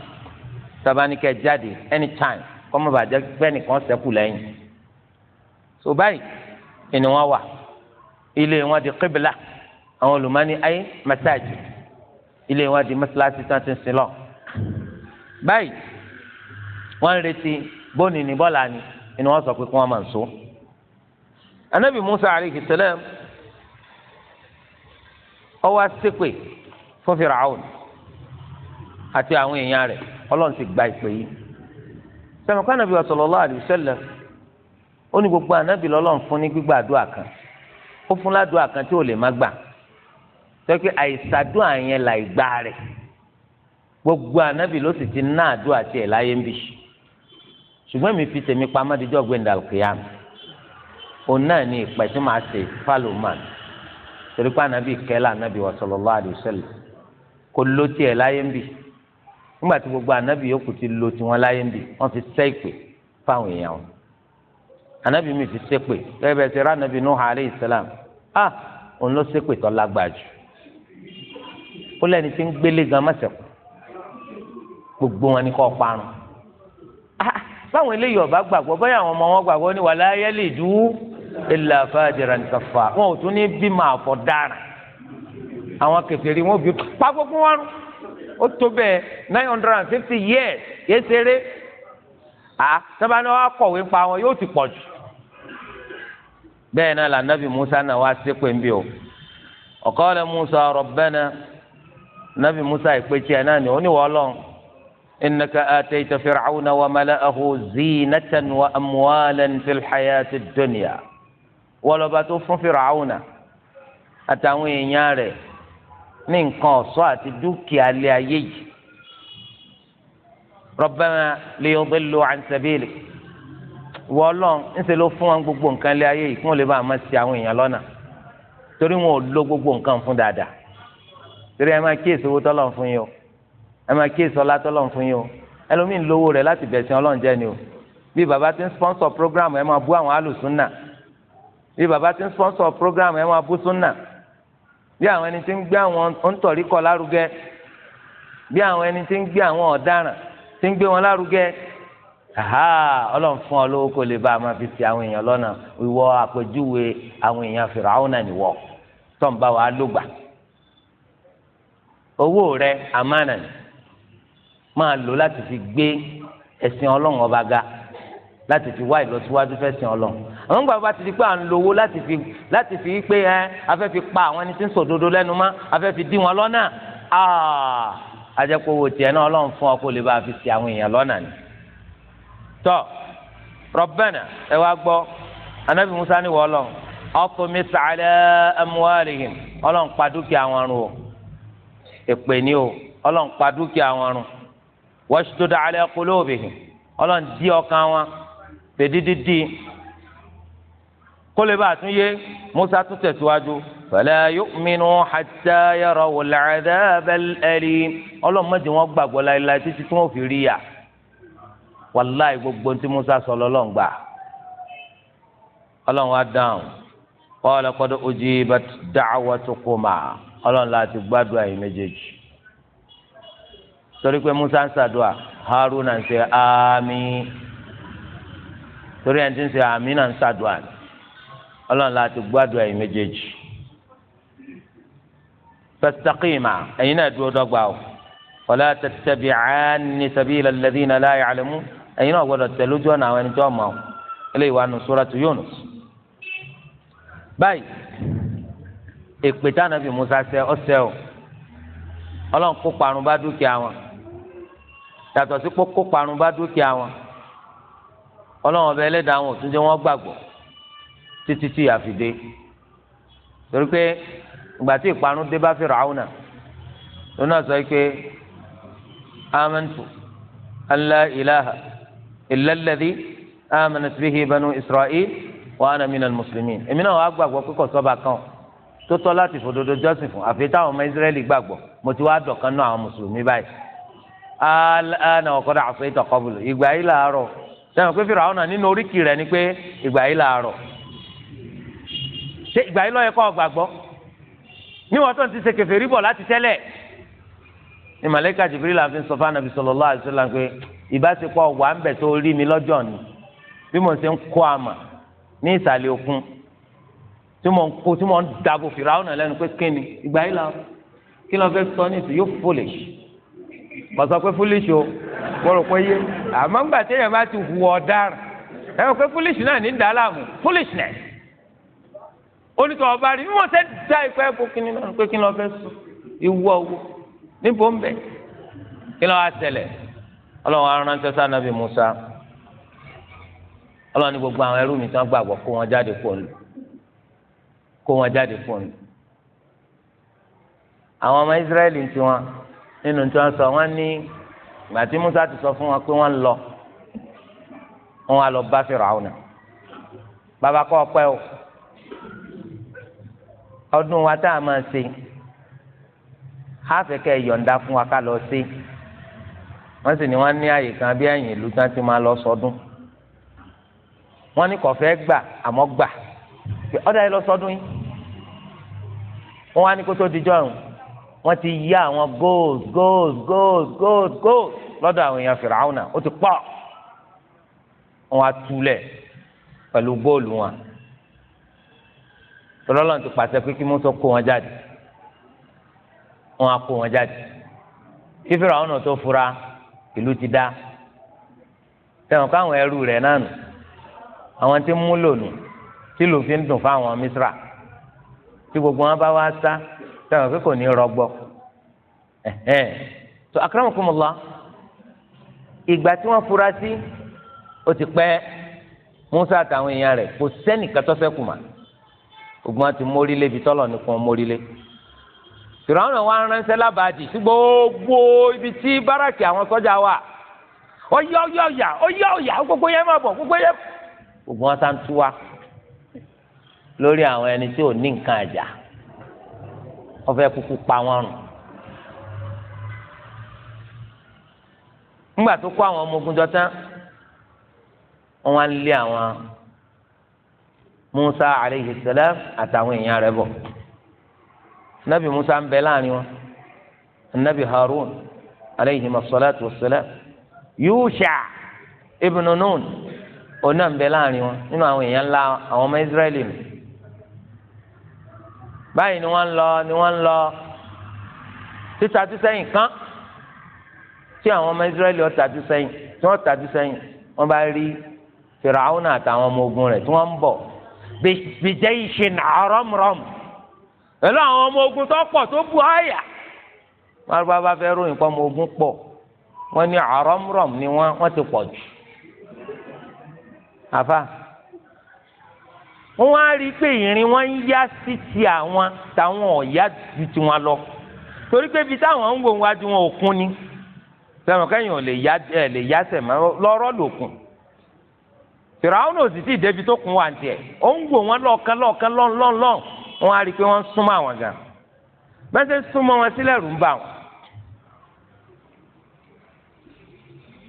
tabanikẹ jáde anytime kọ́mọ bàjẹ́ fẹ́nìkan sẹ́kù lẹ́yìn so báyìí ni wọ́n wà ilé wọn di qibla àwọn olùmọ́ni ayé masáàjì ilé wọn di mọ́sálásí tán ti ń sin lọ báyìí wọ́n ń retí bóni ní bọ́là ni ni wọ́n sọ pé kí wọ́n máa so anabi musa alayhi salam ó wá fún firaun àti àwọn èèyàn rẹ̀ ọlọ́run ti gba ìpè yìí sẹ́mọ̀ká nàbí wa sallallahu alaihi wasallam ó ní gbogbo ànábì lọ́lọ́run fún ní gbígbà àdúrà kan ó fún ládùúà kan tí ò lè má gbà tọ́kí àìsàdúà yẹn là ìgbà rẹ̀ gbogbo ànábì ló sì ti ná àdúrà tiẹ̀ láyé ń bì ṣùgbọ́n mi fi tèmi pamọ́ díjọ́ gbẹ̀ndà kìyàm òun náà ní ìpẹ́ tí màá ṣe fálọ́mà torí pé kẹ́lá ànábì wa sallallahu alaihi wasallam kò ló tiẹ̀ láyé ń bì nígbà tí gbogbo anabi yòókù ti lo tiwọn láyé nbì wọn fi sẹ ìpè fáwọn èèyàn wọn anabi mi fi ṣépè bẹ́ẹ̀ bẹ́ẹ̀ ti rà anabi nuhu alayhi salam ah òun ló ṣépè tó lágbàá jù ó lẹni tí ń gbélé gan mọsẹkù gbogbo wọn ni kò parun ah báwọn eléyìí ọba gbàgbọ́ báyà àwọn ọmọ wọn gbàgbọ́ ni wala yalidu illa fajiran kaffa wọn ò tún ní bímọ àfọ̀dára àwọn kèfèrí wọn ò bí pa gbogbo wọn rún ó tó bẹ́ẹ̀ nine hundred and fifty years yé seré à sábà náà wàá kọ̀wé pa wọn yóò ti pọ̀ jù bẹ́ẹ̀ náà lànàbì Musa náà wá sí pé nbí o ọ̀kọ́lẹ̀ Musa Rabbana nàbì Musa ìpè tiẹ̀ náà ni ó ní wọ́ọ́ lọ́n innaka atayta fir'auna wa mala'ahu zinatan wa amwalan fil hayati dunya wọ́lọ́ba tó fún fir'auna àtàwọn èèyàn rẹ̀ ní nǹkan ọ̀ṣọ́ àti dúkìá lé ayé yìí ńṣe ló fún wọn gbogbo nǹkan lé ayé yìí kí wọ́n lè bá a máa ṣì àwọn èèyàn lọ́nà torí wọn ò lo gbogbo nǹkan fún dáadáa torí ẹ máa kíyèsí owó tọ́lọ̀ fún yín o ẹ máa kíyèsí ọlá tọ́lọ̀ fún yín o lówó rẹ̀ láti bẹ̀sìn ni o bí bàbá ti ń program ẹ máa bú àwọn alùsùn náà bí bàbá ti ń program ẹ máa bú bí àwọn ẹni tí ń gbé àwọn òǹtọ̀rí kọ lárugẹ bí àwọn ẹni tí ń gbé àwọn ọ̀daràn tí ń gbé wọn lárugẹ aha ọlọ́run fún ọ lówó kó lè bá a máa fi ti àwọn èèyàn lọ́nà ìwọ àpèjúwe àwọn èèyàn Fìràwọ́nà nìwọ tó ń bá wa lògbà owó rẹ àmánà ni máa lò láti fi gbé ẹ̀sìn ọlọ́run ọba ga láti fi wá ìlọsíwájú fẹ́sìn ọlọ́run àwọn gbàgbọ́ bá ti di pé à ń lo owó láti fi láti fi pé ẹ afẹ́ fi pa àwọn ẹni tí ń sòdodo lẹ́nu mọ́ afẹ́ fi dí wọn lọ́nà àjẹpọ̀wò tiẹ̀ náà ọlọ́run fún ọ kó lè bá a fi ti àwọn èèyàn lọ́nà ni. tọ́ rọ̀bẹ́nà ẹ wá gbọ́ anábì musa ni wọ́ọ́ lọ ọkùnrin mi sàlẹ̀ ẹmuwárìhìn ọlọ́run pa dúkìá wọn rún o èpè ni o ọlọ́run pa dúkìá wọn rún wọ́n ṣètò dàlẹ́ kólóòbì ọlọ́run dí ọkàn wọn fèdídídì kólé bá a tún yé musa tún tẹ̀síwájú fala yu'minu hatta yarawul adhabal alim ọlọ́mọdé wọn gbàgbọ́ láìláì títí tí wọ́n fi rí yà wàláì gbogbo tí musa sọ lọ́lọ́n gbà ọlọ́run wa dáhùn qala qad ujibat da'watukuma ọlọ́run láti gbàdúrà yìí méjèèjì torí pé musa ń ṣàdúrà haruna ń ṣe àmín torí ẹni tí ń ṣe àmín náà ń ṣàdúrà ni ọlọ́run láti gbádùn ẹ̀yin méjèèjì fastaqima ẹ̀yin náà dúró dọ́gba o wala tattabi'anni sabila alladhina la ya'lamun ẹ̀yin náà gbọ́dọ̀ tẹ̀ lójú ọ̀nà àwọn ẹni tó mọ̀ ọ́ eléyìí wà nù suratu Yunus báyìí èpè tánàbì Musa sẹ ọsẹ o ọlọ́run kó parun bá dúkìá wọn yàtọ̀ sí kó parun bá dúkìá wọn ọlọ́run ọbẹ̀ ẹlẹ́dàá wọn ò títí tí a fi dé torí pé ìgbà tí ìparun dé bá Fir'auna ló náà sọ pé amantu an la ilaha illa alladhi amanat bihi banu Isra'il wa ana minal muslimin èmi náà wàá gbàgbọ́ pé kò sọ́ba kan tó tọ́ láti fòdodo jọ́sìn fún àfi táwọn ọmọ Israẹli gbàgbọ́ mo ti wá dọ̀kan náà àwọn mùsùlùmí báyìí alana ọ̀kọ́dà àfẹ́ ìtọ̀kọ́bùlù ìgbà yìí làárọ̀ sẹ́wọ̀n pé Fir'auna nínú oríkì rẹ̀ ni pé ìgbà yìí làárọ̀ ṣé ìgbà yìí lọ́yẹ̀ kọ́ gbàgbọ́ níwọ̀n tó ń ti ṣe kèfèrí bọ̀ láti tẹ́lẹ̀ ni màlẹ́kà jìbìrì làfi ń sọ fún anabi sallallahu alaihi wasallam pé ìbáṣepọ̀ wà ń bẹ̀ tó rí mi lọ́jọ́ ni bí mo ṣe ń kó àmà ní ìsàlẹ̀ òkun tí mo ń kó tí mo ń dàbò fìràwọ̀n lẹ́nu pé kíni ìgbà yìí la kí ló fẹ́ sọ ní ìsìn yóò fòlè bọ̀sọ̀ pé fúlíṣì o mo rò pé yé àmọ́ ńgbà téèyàn bá ti hùwà ọ̀daràn ẹ̀ rò pé fúlíṣì náà ní dàálàmù foolishness onítọ̀ ọba rí bí wọ́n ṣe da ìfẹ́ kó kíni náà pé kíni ọbẹ̀ sùn ìwọ owó níbo ń bẹ̀ kí ló wá ṣẹlẹ̀ ọlọ́run aránṣẹ́ sànàbì Musa ọlọ́run ní gbogbo àwọn ẹrú mi tí wọ́n gbàgbọ́ kó wọn jáde kó lù kó wọn jáde kó lù àwọn ọmọ Israẹli ti wọn nínú tí wọ́n sọ wọ́n ní ìgbà tí Musa ti sọ fún wọn pé wọ́n lọ wọ́n wá lọ bá Fìràwọ̀n bàbá kọ́ ọ ọdún wa tá a máa ṣe àfẹ́kẹ́ yọ̀ǹda fún wa ká lọ sí wọ́n sì ní wọ́n ní àyè kan bí ẹ̀yìn ìlú tán ti máa lọ sọdún wọ́n ní kò fẹ́ gbà àmọ́ gbà pé ọ̀dà yìí lọ sọdún yìí wọ́n wá ní kó tó dijọ́ ọ̀run wọ́n ti yá àwọn gold gold gold gold gold lọ́dọ̀ àwọn èèyàn Fìràwọ̀nà ó ti pọ̀ wọ́n á túlẹ̀ pẹ̀lú góòlù wọn tọ́lọ́lọ́n ti pàṣẹ pé kí Mùsá kó wọn jáde wọn á kó wọn jáde kí Fíráúnà tó fura ìlú ti dá tẹ̀wọ̀n káwọn ẹrú rẹ̀ náà nù àwọn tí ń múlò nù tí ìlú fi ń dùn fáwọn Mísírà tí gbogbo wọn bá wá sá tẹ̀wọ̀n pé kò ní rọgbọ ẹ̀hẹ́n tó akramakumullah ìgbà tí wọ́n fura sí ó ti pẹ́ Mùsá àtàwọn èèyàn rẹ̀ kò sẹ́nìkan tó ogun àti mórílé ibi tọ́lọ̀ nìkan mórílé fìràwọn àwọn aránṣẹ́ lábàádì sí gbogbo ibi tí báràkì àwọn sọ́jà wà ọyá ọyá ọyá ọyá ọyá gbogbo yẹn máa bọ̀ gbogbo yẹn. ogun wọn sáà ń tú wa lórí àwọn ẹni tí ò ní nǹkan àjà wọn fẹ́ kúkú pa wọn rùn. nígbà tó kó àwọn ọmọ ogun jọ tán wọn wá ń lé àwọn musa aleyhi salam àtàwọn èèyàn rẹ̀ bọ̀ nabi musa ń bẹ láàrin wọn nabi harun aleyhi masalatu wasalam yusha ibnu nun ọ̀nà ń bẹ láàrin wọn nínú àwọn èèyàn ńlá àwọn ọmọ israẹli nù báyìí ni wọ́n ń lọ ni wọ́n ń lọ títa tí kan tí àwọn ọmọ israẹli ọ̀tà tí tí wọ́n tà tí sẹ́yìn bá rí fìràwọ́nà àtàwọn ọmọ ogun rẹ̀ tí wọ́n ń bọ̀ bìjẹ́yìṣin àrọ́mùrọ́m pẹ̀lú àwọn ọmọ ogun tó pọ̀ tó bu àyà wọn bá bá fẹ́ ròyìn pọ̀ ọmọ ogun pọ̀ wọn ní àrọ́mùrọ́m ni wọn wọn ti pọ̀ jù àfa wọn á rí i pé ìrìn wọn ń yá sí ti àwọn táwọn ọ̀yá ju tiwọn lọ torí pé ibi táwọn ń wò wájú wọn òkun ni sẹ́wọ̀n kẹ́yìn ò lè yá sẹ̀ mọ́ lọ́rọ́ lòkun fìràwọn ò sì tí ì débi tó kún wa ń tiẹ̀ ó ń wò wọn lọ́ọ̀kan lọ́ọ̀kan lọ́ọ̀n lọ́ọ̀n lọ́ọ̀n wọn á rí i pé wọ́n ń súnmọ́ àwọn gan bẹ́ẹ̀ ṣe súnmọ́ wọn sílẹ̀ rù ń bà wọn.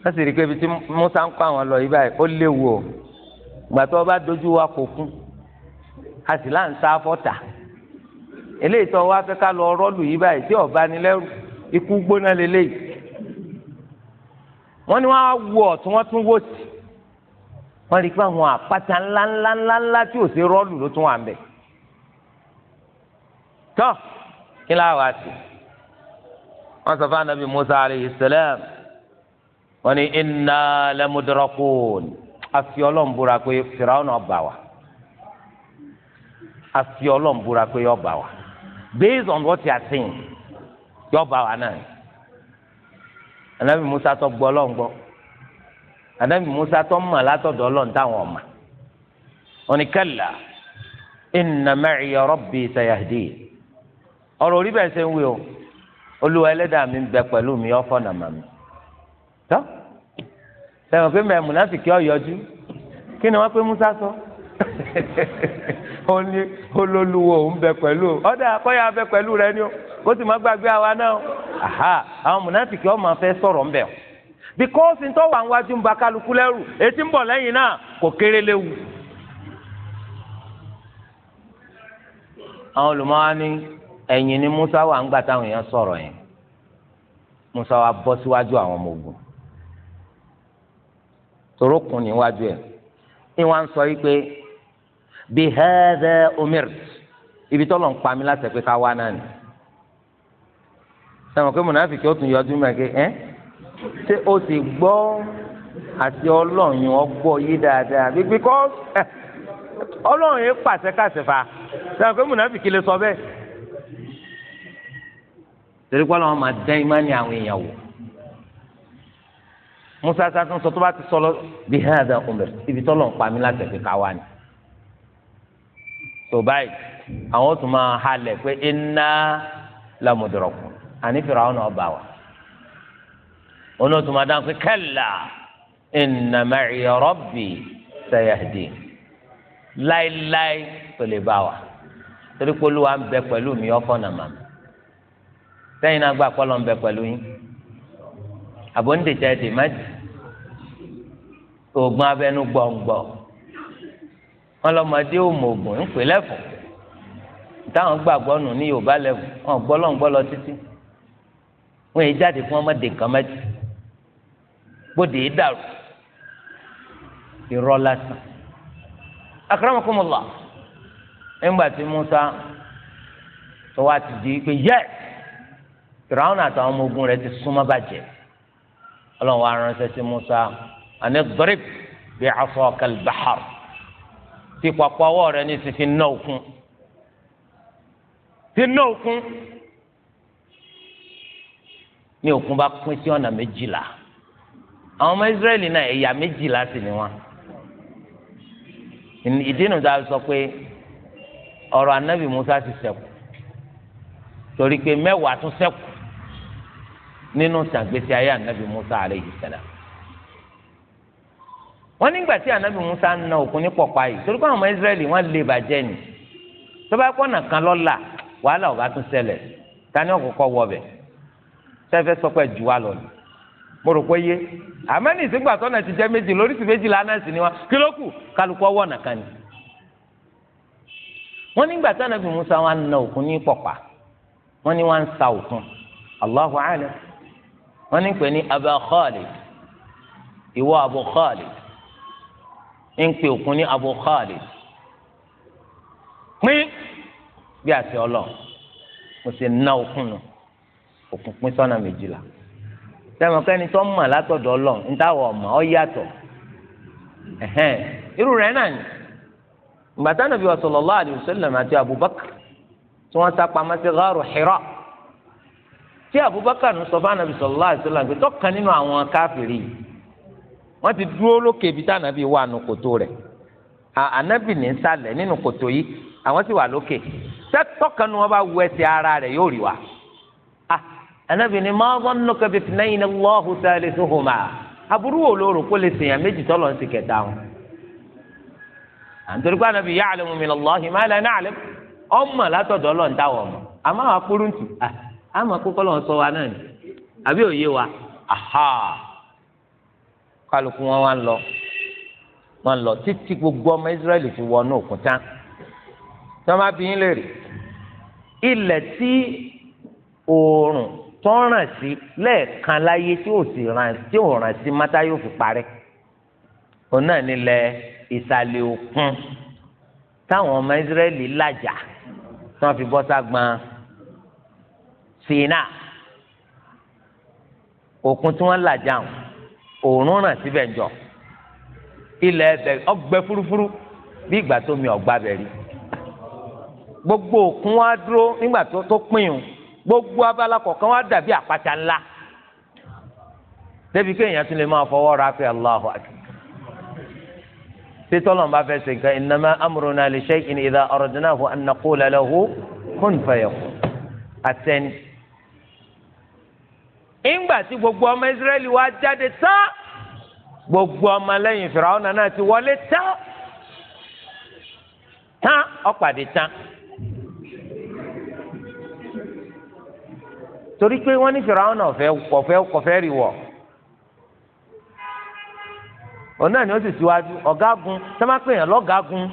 wọ́n sì rí i pé ibi tí Musa ń kọ́ àwọn lọ yìí báyìí ó léwu o ìgbà tó o bá dojú wa kò kún a sì láǹ sá fọ́tà eléyìí tó wá fẹ́ ká lọ rọ́ọ̀lù yìí báyìí tí ọ̀bá ni lẹ́rù ikú gbóná leléyìí wọ́n ní wọ́n á wọ ọ̀tún wọ́n tún wò sí wọ́n rí i pé àwọn àpáta ńlá ńlá ńlá ńlá tí ò ṣe rọ́ọ̀lù ló tún wà ń bẹ̀. tọ́ kí láà wá sí wọ́n sọ fún anabi musa alayhi salam wọ́n ní inna lamudrakun afi ọlọ́mbura pé fìràwọn ọba wa afi ọlọ́mbura pé ọba wa based on what you are saying yọba wa náà anabi musa tó gbọ́ ọlọ́ngbọ́n anabi musa tó ń mọ látọ̀dọ̀ ọlọ́run táwọn ọmọ oníkàlà inna ma'iya rabbi sayahdi ọ̀rọ̀ orí bẹ́ẹ̀ ṣe ń wí o olúwa ẹlẹ́dàá mi ń bẹ pẹ̀lú mi ọ̀fọ̀ nàmà mi tọ́ sẹ́wọ̀n pé mẹ́rin múnásìkí ọ̀yọ́jú kí ni wọ́n pé musa sọ ó ní olólùwọ̀ ń bẹ pẹ̀lú o ọ̀dà bẹ pẹ̀lú rẹ ni o kó sì má gbàgbé àwa náà àwọn múnásìkí ọmọ fẹ́ sọ̀rọ̀ ń bẹ̀ o. because ntọ́ wà níwájú ń ba kálukú lẹ́rù etí ń bọ̀ lẹ́yìn náà kò kéré léwu. àwọn olùmọ̀wá ní ẹ̀yìn ni Musa wà ń gbà táwọn èèyàn sọ̀rọ̀ yẹn Musa bọ́ síwájú àwọn ọmọ ogun torókùn níwájú ẹ̀ ni wọ́n á sọ yìí pé ibi tọ́lọ̀ ń pa láti ẹ̀ pé ká wá náà ṣé o sì gbọ́ àti ọlọ́run yìí wọ́n dáadáa because eh, ọlọ́run yìí pàṣẹ kàṣẹfà sẹ́wọ̀n pé sọ bẹ́ẹ̀. torí pé ọlọ́run máa dán imáni àwọn musa sátún sọ tó bá ti sọlọ bí ibi ń pa mí láti ẹ̀fẹ̀ wà ni. tó báyìí àwọn tó máa halẹ̀ pé iná lamọ̀dọ̀rọ̀kùn àní fìrà ọ̀nà ọba onótùmọ̀ adáhùn pé kalla inna ma'iya rabbi sayahdi láéláé kò lè bá wa torí pé olúwa ń bẹ pẹ̀lú mi ọkọ̀ nàmà sẹ́yìn náà gbà pọ́lọ́ ń bẹ pẹ̀lú yín àbọ̀ ń dèjà ẹ̀dè má jì oògùn abẹnú gbọ̀ngbọ̀ wọn lọmọdé òmò oògùn táwọn gbàgbọ́ nù ní yorùbá lẹ́fọ̀ wọn gbọ́ lọ́n gbọ́ títí wọn èyí jáde fún ọmọdé kan mẹ́tì bóde é dàrú irọ́ lásán akramakumullah nígbà tí Musa tó wá ti di pé yẹ fìràwọn àtàwọn ọmọ ogun rẹ̀ ti súnmọ́ bàjẹ́ Ọlọ́run wa ránṣẹ́ sí Musa àní dọrib bí afọkàl bahar ti pàpọ ọwọ́ rẹ̀ ní sísìn náà òkun ti náà òkun ní òkun bá pín sí ọ̀nà méjìlá àwọn ọmọ israẹli náà ẹ̀yà méjìlá sì ni wọn ìdí nu ta sọ pé ọ̀rọ̀ anabi musa ti ṣẹ́kù torí pé mẹ́wàá tún ṣẹ́kù nínú sàgbésí ayé anabi musa aleyhi salam wọn nígbà tí anabi musa na òkun ní pọpá yìí torí pé àwọn ọmọ israẹli wọn lè bàjẹ́ ni tó kọ́nà kan lọ́la wàhálà ọba tún ṣẹlẹ̀ tani ọkọ̀ọ̀kọ̀ wọ̀ bẹ̀ sẹ́fẹ́ sọ pé jù wá lọ mo rò pé yé àmọ́ ní ìsìngbà tọ́nà ti jẹ́ méjì lóríṣi méjì lánàá sí ni wọn kí ló kù kálukú ọwọ́ nìkan ni. wọ́n nígbà tọ́nà fi musa wọn na òkun ní pọ̀pá wọ́n ní wọ́n ń sa òkun Allahu alam wọ́n ní pè ní Aba Khalid ìwọ Abu Khalid ń pè òkun ní Abu Khalid pín bí àti ọlọ́run mo sì na òkun nù òkun pín sọ́nà méjìlá sẹ́wọ̀n kẹ́ni tó mọ̀ látọ̀dọ̀ lọ ń táwọ̀ ọ̀mọ̀ ọ irú rẹ̀ náà ni gbàtà nàbí wa sallallahu alaihi wasallam àti Abubakar tí wọ́n sá pamọ́ sí gáàrú Hira tí Abubakar ń sọ fún anabi sallallahu alaihi wasallam pé tọ́kàn nínú àwọn káfìrí wọ́n ti dúró lókè ibi tá anabi wà nù kòtò rẹ̀ anabi ní sálẹ̀ nínú kòtò yìí àwọn sì wà lókè tọ́kàn ni wọ́n bá wọ ẹsẹ̀ ara rẹ̀ yóò rí wa. anábìnrin ni wọ́n ma kẹ́bi fúnẹ́yìn na lọ́hùn sálẹ̀ tó hùn mà aburú aburu ló rò kó lè sèyàn méjì tọ́lọ̀ ń ti kẹta wọn. àǹtorí pé anábì yá àlẹ́ mùmí lọ́hìn má lẹ́ ọmọ látọ̀dọ̀ ọlọ́run táwọn ọmọ àmọ́ àwọn wa aha nwa nwa gbogbo ọmọ fi tọ́ràn sí lẹ́ẹ̀kan láyé tí ò sì ràn tí ò ràn sí mátá yóò fi parẹ́ òun náà nílẹ̀ ìsàlẹ̀ òkun táwọn ọmọ Ísírẹ́lì làjà tí wọ́n fi bọ́ ságbọn Sínà òkun tí wọ́n làjà òórùn ràn síbẹ̀ jọ ilẹ̀ ẹ̀bẹ̀ ọgbẹ́ fúrúfúrú bí ìgbà tó mi ọ̀gbà bẹ̀ gbogbo òkun wa dúró nígbà tó pín un gbogbo abala kọ̀ọ̀kan wá dàbí àpáta ńlá débi kéèyàn tún lè máa fọwọ́ ra pé Allahu akbar títọ́lọ̀ bá fẹ́ ṣe nǹkan innama amruna li shay'in idha aradnahu an naqula lahu kun fayakun àtẹni. ìgbà tí gbogbo ọmọ Israẹli wá jáde tán gbogbo ọmọ lẹ́yìn Fìràwọ́n náà ti wọlé tán tán ọ̀pàdé tán. torí pé wọ́n ní fìràwọn náà fẹ́ kọfẹ kọfẹ rí wọ òun náà ni ó sì síwájú ọ̀gágun sẹ́mápẹ́ yẹn lọ́gágun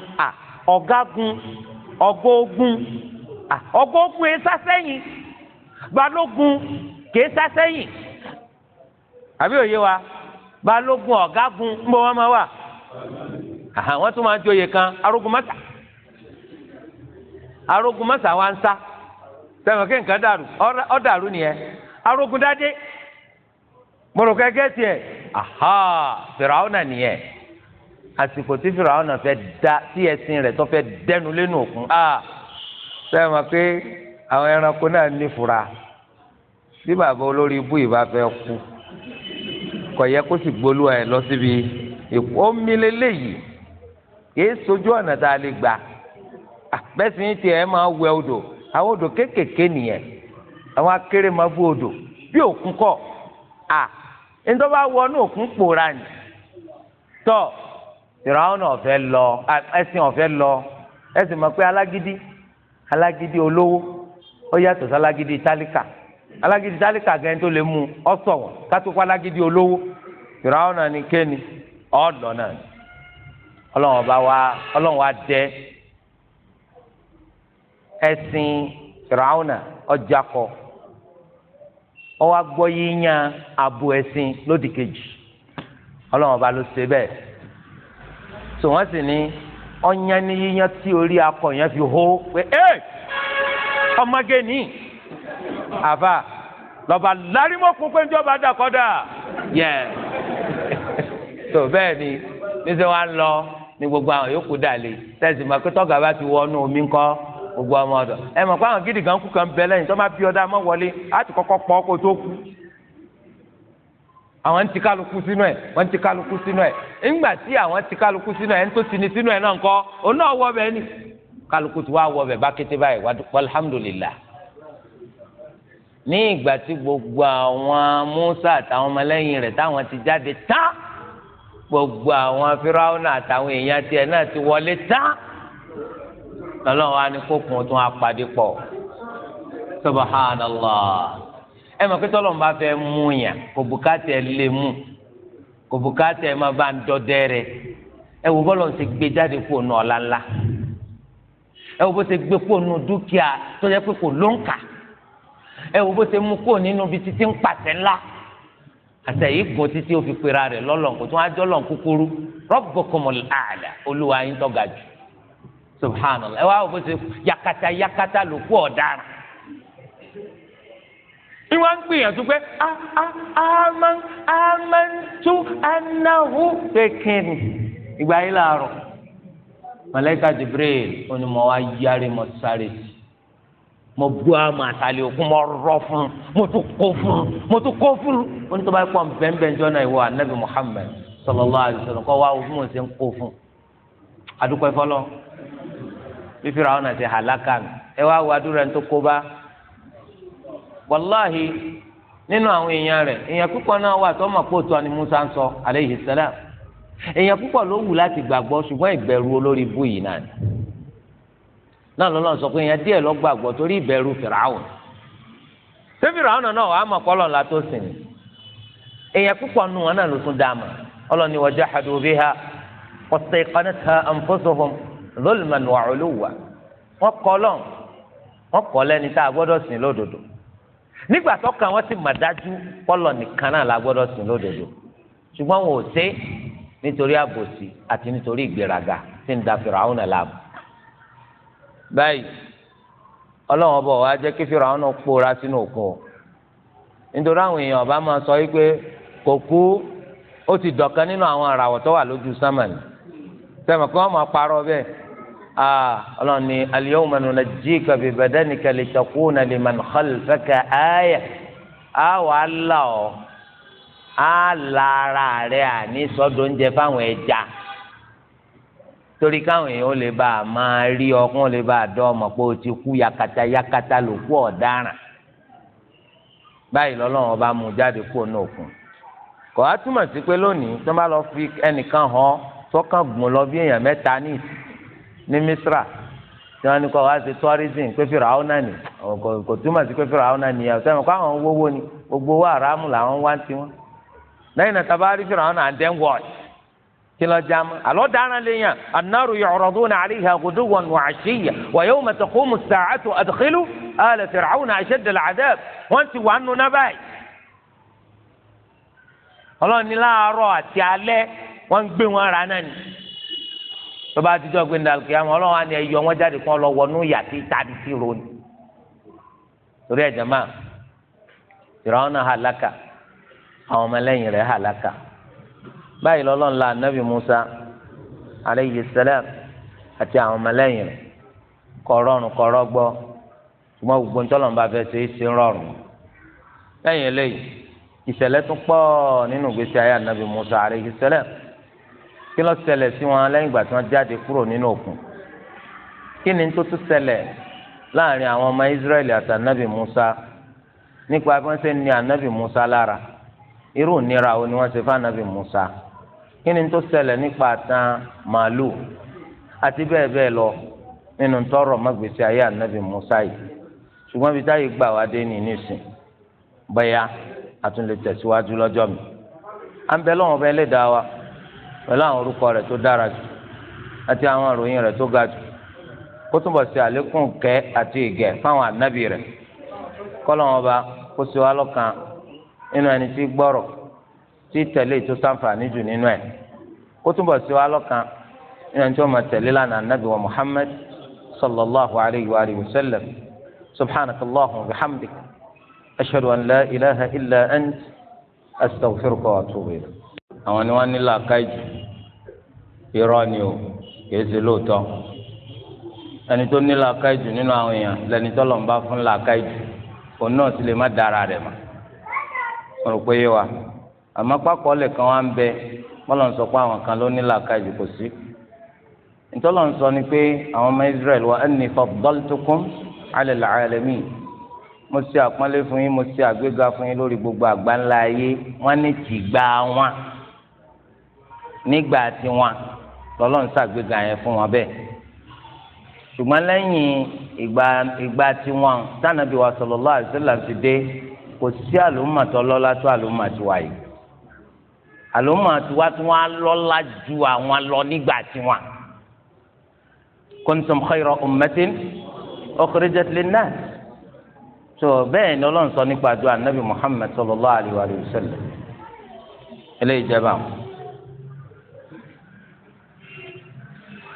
ọ̀gágun ọgógun ọgógun ẹ sásẹ́yìn balógun kì í àbí òye wa balógun ọ̀gágun ń bọ̀ máa wà àwọn tó máa ń oyè kan arógun mọ́sà arógun mọ́sà wa ń sá. sẹ́wọ̀n kí nǹkan dàrú ọ̀dàrú nìyẹn arógundádé mọ̀rọ̀kọ́ ẹgẹ́ tiẹ̀ aha fìràwọ̀nà nìyẹn àsìkò tí fìràwọ̀nà fẹ́ da tí ẹ̀sìn rẹ̀ tó fẹ́ dẹnu lẹ́nu òkun a sẹ́wọ̀n pé àwọn ẹranko náà ní fura bí bàbá olórí ibú ìbá fẹ́ kú yẹ kó sì lọ síbi ìkó kì í sojú ọ̀nà tá a lè gbà àwọn odò kéékèèké nìyẹn àwọn akéré máa bú odò bí òkun kọ à ńdọ́ wọ inú òkun pòórá ni ọ̀fẹ́ lọ ẹ̀sìn ọ̀fẹ́ lọ ẹ̀sìn Alagidi pé alágídí alágídí olówó ó yàtọ̀ sí alágídí tálíkà alágídí tálíkà gẹ́gẹ́ tó lè mú ọ sọ̀wọ́n kátó kó alágídí olówó ìràwọ̀n náà kéènì ọ̀ọ́dọ̀ náà ẹ̀sìn fìràwọnà ọjà kọ ó wá gbọ́ yíyan abo ẹ̀sìn lódì kejì ọlọ́run ọba ló ṣe bẹ́ẹ̀ tò wọ́n sì ní ọ̀yàn ní yíyan tí orí akọ yẹn fi hó pé ẹ́ ọmọge ní àbá lọ́ba lárímọ́kùn pé njọba dàkọ́dà yẹ tó bẹ́ẹ̀ ni níṣẹ́ wa ń lọ ní gbogbo àwọn yòókù dà lé ma pé tọ́gà bá ti wọnú omi ńkọ́ gbogbo ọmọ ọ̀dọ̀ ẹ mọ̀ pé àwọn gidi kan kú kan bẹ lẹ́yìn tó máa bí ọdá mọ́ wọlé láti kọ́kọ́ pọ́ kó tó kú àwọn ti kálukú sínú ẹ̀ wọ́n ti kálukú sínú ẹ̀ ńgbà tí àwọn ti kálukú sínú ẹ̀ ń tó tini sínú ẹ̀ náà ńkọ́ òun náà wọ bẹ́ẹ̀ ni kálukú ti wá wọ bẹ́ẹ̀ bá kété báyìí alhamdulillah ní ìgbà tí gbogbo àwọn Musa àtàwọn ọmọlẹ́yìn rẹ̀ táwọn ti jáde tán gbogbo àwọn Firawuna àtàwọn èèyàn tiẹ̀ náà ti wọlé tán lọ́lọ́run wa ní kókun tó wá pàdé pọ̀ subhanallah ẹ mọ̀ pé tọ́lọ́run bá fẹ́ mú yàn kò bùkátà ẹ lè mú kò bùkátà ẹ máa bá ń dọ́dẹ́ rẹ ẹ wò bọ́lọ̀ ń ṣe gbé jáde kó nù ọ̀la ńlá ẹ wò bó ṣe gbé kó nù dúkìá tó yẹ pé kò ló ń kà ẹ wò bó ṣe mú kó nínú ibi títí ń pàṣẹ ńlá àtẹ̀yí gùn títí ó fi pera rẹ̀ lọ́lọ́n kò tún á jọ́ lọ́n kúkúrú rabbukumul subhanallah ẹ wá wò bó ṣe yakata yakata ló kú ọ̀daràn. ìwọ́n ń gbìyànjú pé a a a máa a máa ń tú anáwó kékeré ìgbà yìí làárọ̀ màláíkà Jibril ó ní mo wá yára mo sáré sí mo bu àmọ́ àtàlẹ́ òkun mo rọ fún mo tún kó fún mo tún kó fún ó ní tó bá pọ̀ bẹ́ẹ̀nbẹ́ẹ̀ jọ́nà ìwọ anabi Muhammad sallallahu alaihi wasallam kọ́ wá òfin mo ṣe ń kó fún adúpẹ́ fọlọ́. bí firawo náà ti ewa nù ẹ wá wá dúró ẹni tó kó bá wàláhi nínú àwọn èèyàn rẹ̀ èèyàn púpọ̀ náà wà tó Musa sọ aleyhi salam èèyàn púpọ̀ ló wù láti gbàgbọ́ ṣùgbọ́n ìbẹ̀rù olórí ibú yìí náà ni náà lọ́lọ́ sọ pé èèyàn díẹ̀ ló gbàgbọ́ torí ìbẹ̀rù firawo ṣé firawo náà wàá mọ̀ kọ́lọ̀ la tó sìn ní èèyàn púpọ̀ nù wọn náà ló tún dáa mọ̀ ọlọ́ni zulman wa uluwa wọ́n kọ́ lọ́n wọ́n kọ́ lẹ́ni tá a gbọ́dọ̀ sìn lódodo nígbà tó kàn wọ́n ti mà dájú kọ́lọ̀ nìkan náà la gbọ́dọ̀ sìn lódodo ṣùgbọ́n wọn ò ṣe nítorí àbòsí àti nítorí ìgbéraga tí ń da Fìràwọn làbù báyìí ọlọ́wọ́n bọ̀ wá jẹ́ kí Fìràwọn pòórá sínú òkun o nítorí àwọn èèyàn ọba máa sọ wípé kò kú ó ti dọ̀kan nínú àwọn àràwọ̀ tó wà lójú sámà sẹ́mi kí wọ́n máa parọ́ bẹ́ẹ̀ aa ọlọ́run ni al-yawma nunajjika bi badanika litakuna liman khalfaka aya a wà á là ọ́ á la ara rẹ̀ àní sọ́dọ̀ oúnjẹ fáwọn ẹja torí káwọn èèyàn lè bá a máa rí ọkùn lè bá a dọ́ ọmọ pé o ti kú yakata yakata ló kú ọ̀daràn báyìí lọ́lọ́run ọba mú jáde kúrò náà kù kọ́ á túmọ̀ sí pé lónìí tó bá lọ fi ẹnìkan hàn sọ́kàn gùn lọ bí èèyàn mẹ́ta ní ní Misra tí wọ́n ní kọ́ wá sí tourism pé fìràwọ́ náà ni kò túmọ̀ sí pé fìràwọ́ náà ni ọ̀sẹ̀ mi kọ́ àwọn owó ni gbogbo owó àràmù làwọn wá ń tiwọn lẹ́yìn náà tábà rí fìràwọ́ náà dẹ́n wọ́ọ̀t kí lọ já mọ́ àlọ́ dáná léyàn annaru yu'raduna 'alayha ghuduwwan wa 'ashiyyan wa yawma taqumu as-sa'atu adkhilu ala fir'auna ashadda al-'adhab wọ́n ti wà nù náà báyìí ọlọ́ọ̀ni láàárọ̀ àti alẹ́ wọ́n ń gbé wọn ra náà ni bàbá àtijọ́ gbé ndàlù kí àwọn ọlọ́wọ́ àni ẹ̀yọ wọn jáde kó lọ wọnú yàtí tàbí tí ro ni torí ẹ̀jẹ̀ máa ìràwọ̀n náà halaka àwọn ọmọlẹ́yìn rẹ̀ halaka báyìí lọ́lọ́run la Nabi musa aleyhi salam àti àwọn ọmọlẹ́yìn rẹ̀ kọ́ rọrùn kọ́ rọgbọ́ ṣùgbọ́n gbogbo ntọ́lọ́n bá fẹ́ ṣe é ṣe rọrùn lẹ́yìn eléyìí ìṣẹ̀lẹ̀ tún pọ̀ nínú ìgbésí ayé anabi musa aleyhi salam kí ló ṣẹlẹ̀ sí wọn lẹ́yìn ìgbà tí wọ́n jáde kúrò nínú òkun kí ni tó tún ṣẹlẹ̀ láàrin àwọn ọmọ Israẹli àti anabi Musa nípa bí wọ́n ṣe ní anabi Musa lára irú ìnira wo ni wọ́n ṣe fún anabi Musa kí ni tó ṣẹlẹ̀ nípa àtàn màálù àti bẹ́ẹ̀ bẹ́ẹ̀ lọ nínú tọrọ mọ́gbèsè ayé anabi Musa yìí ṣùgbọ́n bí táyé gbà wá dé ní nísìn bẹ́yà àtúntò tẹ̀síwájú lọ́jọ́ mi à ń bẹ́ẹ̀ lè dá wa pẹ̀lú àwọn orúkọ rẹ̀ tó dára jù àti àwọn ìròyìn rẹ̀ tó ga jù kó túbọ̀ ṣe àlékún kẹ́ àti ìgẹ̀ fáwọn ànábì rẹ̀ kọ́lọ́wọ́n bá kó ṣe wá lọ́kàn nínú ẹni tí gbọ́rọ̀ tí tẹ̀lé tó ṣàǹfààní jù nínú ẹ̀ kó túbọ̀ ṣe wá lọ́kàn nínú ẹni tí wọ́n máa tẹ̀lé lánàá ànábì wa Muhammad sallallahu alayhi wa sallam subhanaka allahumma wa bihamdik ashhadu an la ilaha illa ant astaghfiruka wa atubu ilayk àwọn ni wọ́n ní làákàyè irọ́ ni o kìí ṣe lóòótọ́ ẹni tó ní làákàyè nínú àwọn èèyàn lẹni tó lọ́nba fún làákàyè òun náà sì lè má dára rẹ̀ mọ́ wọn rò pé yé wa àmọ́ pákọ́ lè kàn wá ń bẹ bọ́lá ń sọ pé àwọn kan ló ní làákàyè kò sí ntọ́lọ̀ ń sọ ni pé àwọn ọmọ Israẹli wa ẹni faddaltukum ala al-alamin mo ṣe àpọ́nlé fún yín mo ṣe àgbéga fún yín lórí gbogbo àgbáńlá ayé wọ́n ní tìgbà wọn nígbà tiwọn lọ́lọ́run ṣàgbéga yẹn fún wọn bẹ́ẹ̀ ṣùgbọ́n lẹ́yìn ìgbà ìgbà tiwọn tánàbí wa sallallahu alaihi wasallam ti dé kò sí àlùmọ̀tọ́ lọ́lá tó àlùmọ̀tọ́ wa yìí àlùmọ̀tọ́ wa tí wọ́n á lọ́lá ju àwọn lọ nígbà tiwọn kuntum khayra ummatin ukhrijat linnas tó bẹ́ẹ̀ ni ọlọ́run sọ nípa àdúrà nàbì Muhammad sallallahu alaihi wasallam eléyìí jẹ́ báwọn.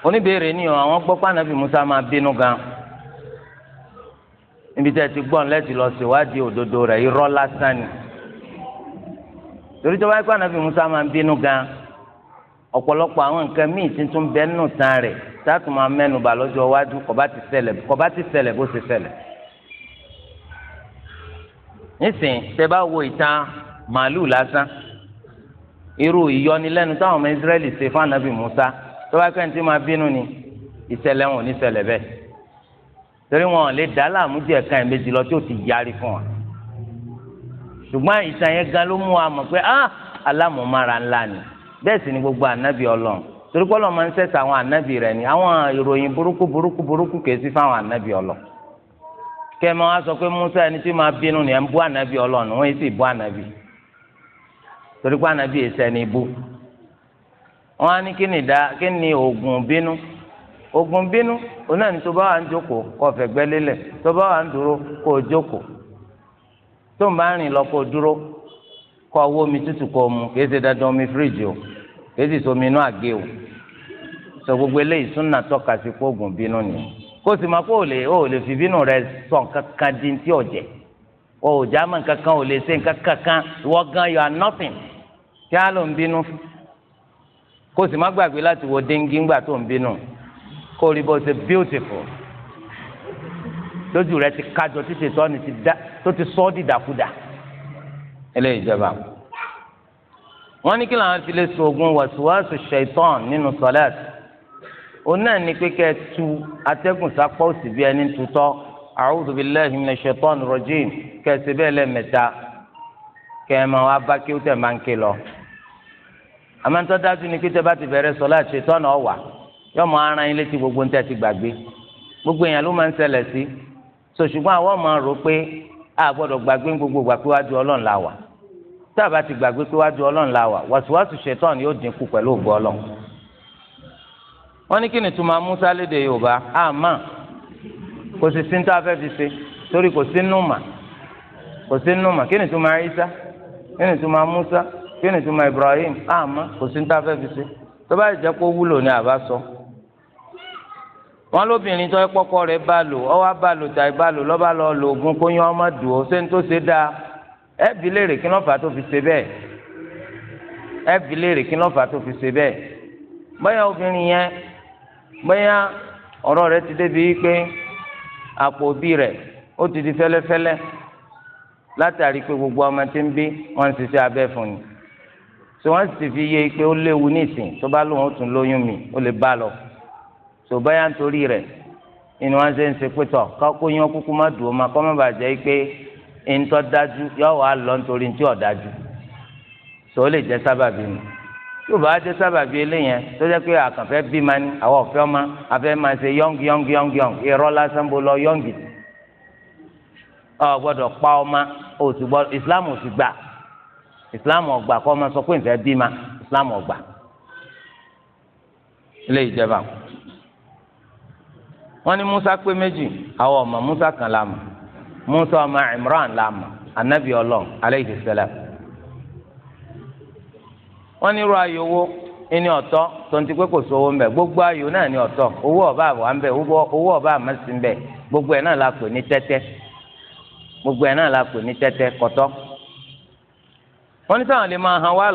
oníbèrè ni ọ àwọn gbọ́ pànàbì Musa máa bínú gan níbi tẹ́ ti gbọ́n lẹ́tì lọ síwádìí òdodo rẹ̀ irọ́ lásán ni torí tó bá yẹ pànàbì Musa máa bínú gan ọ̀pọ̀lọpọ̀ àwọn nǹkan míì tuntun bẹ́ẹ̀ nù tán rẹ̀ táàtù máa mẹ́nu bà lọ́jọ́ iwájú kọ̀bá ti ṣẹlẹ̀ kọ̀bá ti ṣẹlẹ̀ bó ṣe ṣẹlẹ̀ nísìnyí tẹ́ bá wo ìtàn màálù lásán irú ìyọnilẹ́nu táwọn ọmọ Israẹli ṣe fún ànábì Musa tó bá kẹ́ni tí máa bínú ni ìṣẹ̀lẹ̀ wọn ò ní ṣẹlẹ̀ bẹ́ẹ̀ torí wọn ò lè dá láàmú jẹ́ ẹ̀ka ẹ̀ méjì lọ tí ò ti yarí fún wa ṣùgbọ́n ìtàn yẹn gan ló mú wa mọ̀ pé ah alámọ̀mára ńlá ni bẹ́ẹ̀ sì ni gbogbo ànábì ọlọ́run torí pé ọlọ́run máa ń sẹ́sà àwọn ànábì rẹ̀ ni àwọn ìròyìn burúkú burúkú burúkú kèé sí fáwọn ànábì ọlọ́run kẹ́mi wá sọ pé Musa ẹni tí máa bínú ni ẹ̀ ń bú ànábì ọlọ́run wọ́n yìí sì bú ànábì torí pé ànábì yìí sẹ́ni bú wọn á ní kí ni da kí ni oògùn bínú oògùn bínú òun náà tó bá wà ń jókòó kó fẹ̀gbẹ́ tó bá wà ń dúró kó o jókòó tó ń bá rìn lọ kó o dúró o omi tútù kó o mu kì í omi fíríjì o kì somi inú àgé o sọ gbogbo eléyìí súnà sí kó oògùn bínú ni kó o sì máa kó o lè o lè fi bínú rẹ sọ nǹkan di ti o ò o lè ṣe gan kó o sì má gbàgbé láti wo dengue ńgbà tó ń bínú kó o rí bó ṣe beautiful lójú rẹ ti kájọ títí sọ́ni tó ti sọ́ dìdàkudà eléyìí ìjọba wọn ní kí làwọn fi lè so oògùn wàsíwàsí ṣaitan nínú sọlẹt òun náà ní pé kẹ ẹ tu atẹ́gùn sápá òsì bí ẹni tutọ́ a'udhu billahi minash shaitan rajim kẹ ẹ ṣe bẹ́ẹ̀ lẹ́ẹ̀mẹ́ta kẹ ẹ máa wá máa ń ké lọ amẹ́ńtọ́ dájú ni pété bá ti bẹ̀rẹ̀ sọ láti ṣetán ọ̀wà yóò mọ ara yín létí gbogbo níta ti gbàgbé gbogbo èèyàn ló máa ń ṣẹlẹ̀ sí so ṣùgbọ́n àwọn máa rò pé a gbọ́dọ̀ gbàgbé gbogbo gbà pé wájú ọlọ́run la wà tá a bá ti gbàgbé pé wájú ọlọ́run la wà wàsíwàsí ṣetán yóò dínkù pẹ̀lú ògbó ọlọ́run. wọ́n ní kí ni tuma musa léde yorùbá àmọ́ kò sì sí níta fẹ́ fi ṣe torí kò sí nùmà kò sí nùmà kí ni tuma isa kí ni tuma musa kí ni túmọ̀ Ibrahim àmọ́ kò sí ní tá a fẹ́ fi ṣe tó bá jẹ́ kó wúlò ni àbá sọ. wọn lóbìnrin tó ẹ kpọkọ rẹ bá lò ọwọ́ bá lò tàì bá lò lọ́ba lọ lò ogun kó yan ọmọ dùn ó sẹ́ni tó ṣe dáa ẹ bi léèrè kí lọ́fà tó fi ṣe bẹ́ẹ̀ ẹ bi léèrè kí lọ́fà tó fi ṣe bẹ́ẹ̀ bóyá obìnrin yẹn bóyá ọ̀rọ̀ rẹ ti débi pé àpò òbí rẹ ó ti di fẹ́lẹ́fẹ́lẹ́ látàrí pé gbogbo ọmọ tí ń bí wọn ń ṣiṣẹ́ abẹ́ fún ni tí wọ́n sì fi yé pé ó léwu nísìn tó bá lóun ó tún lóyún mi ó lè bá lọ tó báyà ń torí rẹ̀ inú wọn ṣe ń ṣe pé tọ̀ kó yín kúkú má dùn ó má kọ́ má bàjẹ́ pé ntọ́ dájú yọ wà lọ nítorí ntí ọ̀ dájú tó lè jẹ́ sábàbí mi tó bá jẹ́ sábàbí eléyẹn tó jẹ́ pé àkànfẹ́ bí ma ní àwọn ọ̀fẹ́ ọmọ afẹ́ máa ṣe yọ́ǹgì yọ́ǹgì yọ́ǹgì yọ́ǹgì irọ́ lásán bó lọ yọ́ǹgì ọ̀ gbọ́dọ̀ pa ọmọ òsùgbọ́ Islam ò sì gbà islam ọgbà kọ́ ọmọ sọ pé nfẹ́ bí ma islam ọgbà ilé ìjẹba wọn ni musa pé méjì àwọn ọmọ musa kan la mọ̀ musa ọmọ imran la mọ̀ anabi Ọlọ́run aleyhi sẹlẹm wọn ni irú ayò wo ẹni ọ̀tọ̀ tonti pé kò sówó ń gbogbo ayò náà ní ọtọ owó ọba àbọ̀ ń owó ọba àmọ́sí ń gbogbo ẹ̀ náà la pè ní tẹ́tẹ́ gbogbo ẹ̀ náà la pè ní tẹ́tẹ́ kọ́tọ́. wọ́n ní sáwọn lè máa han wá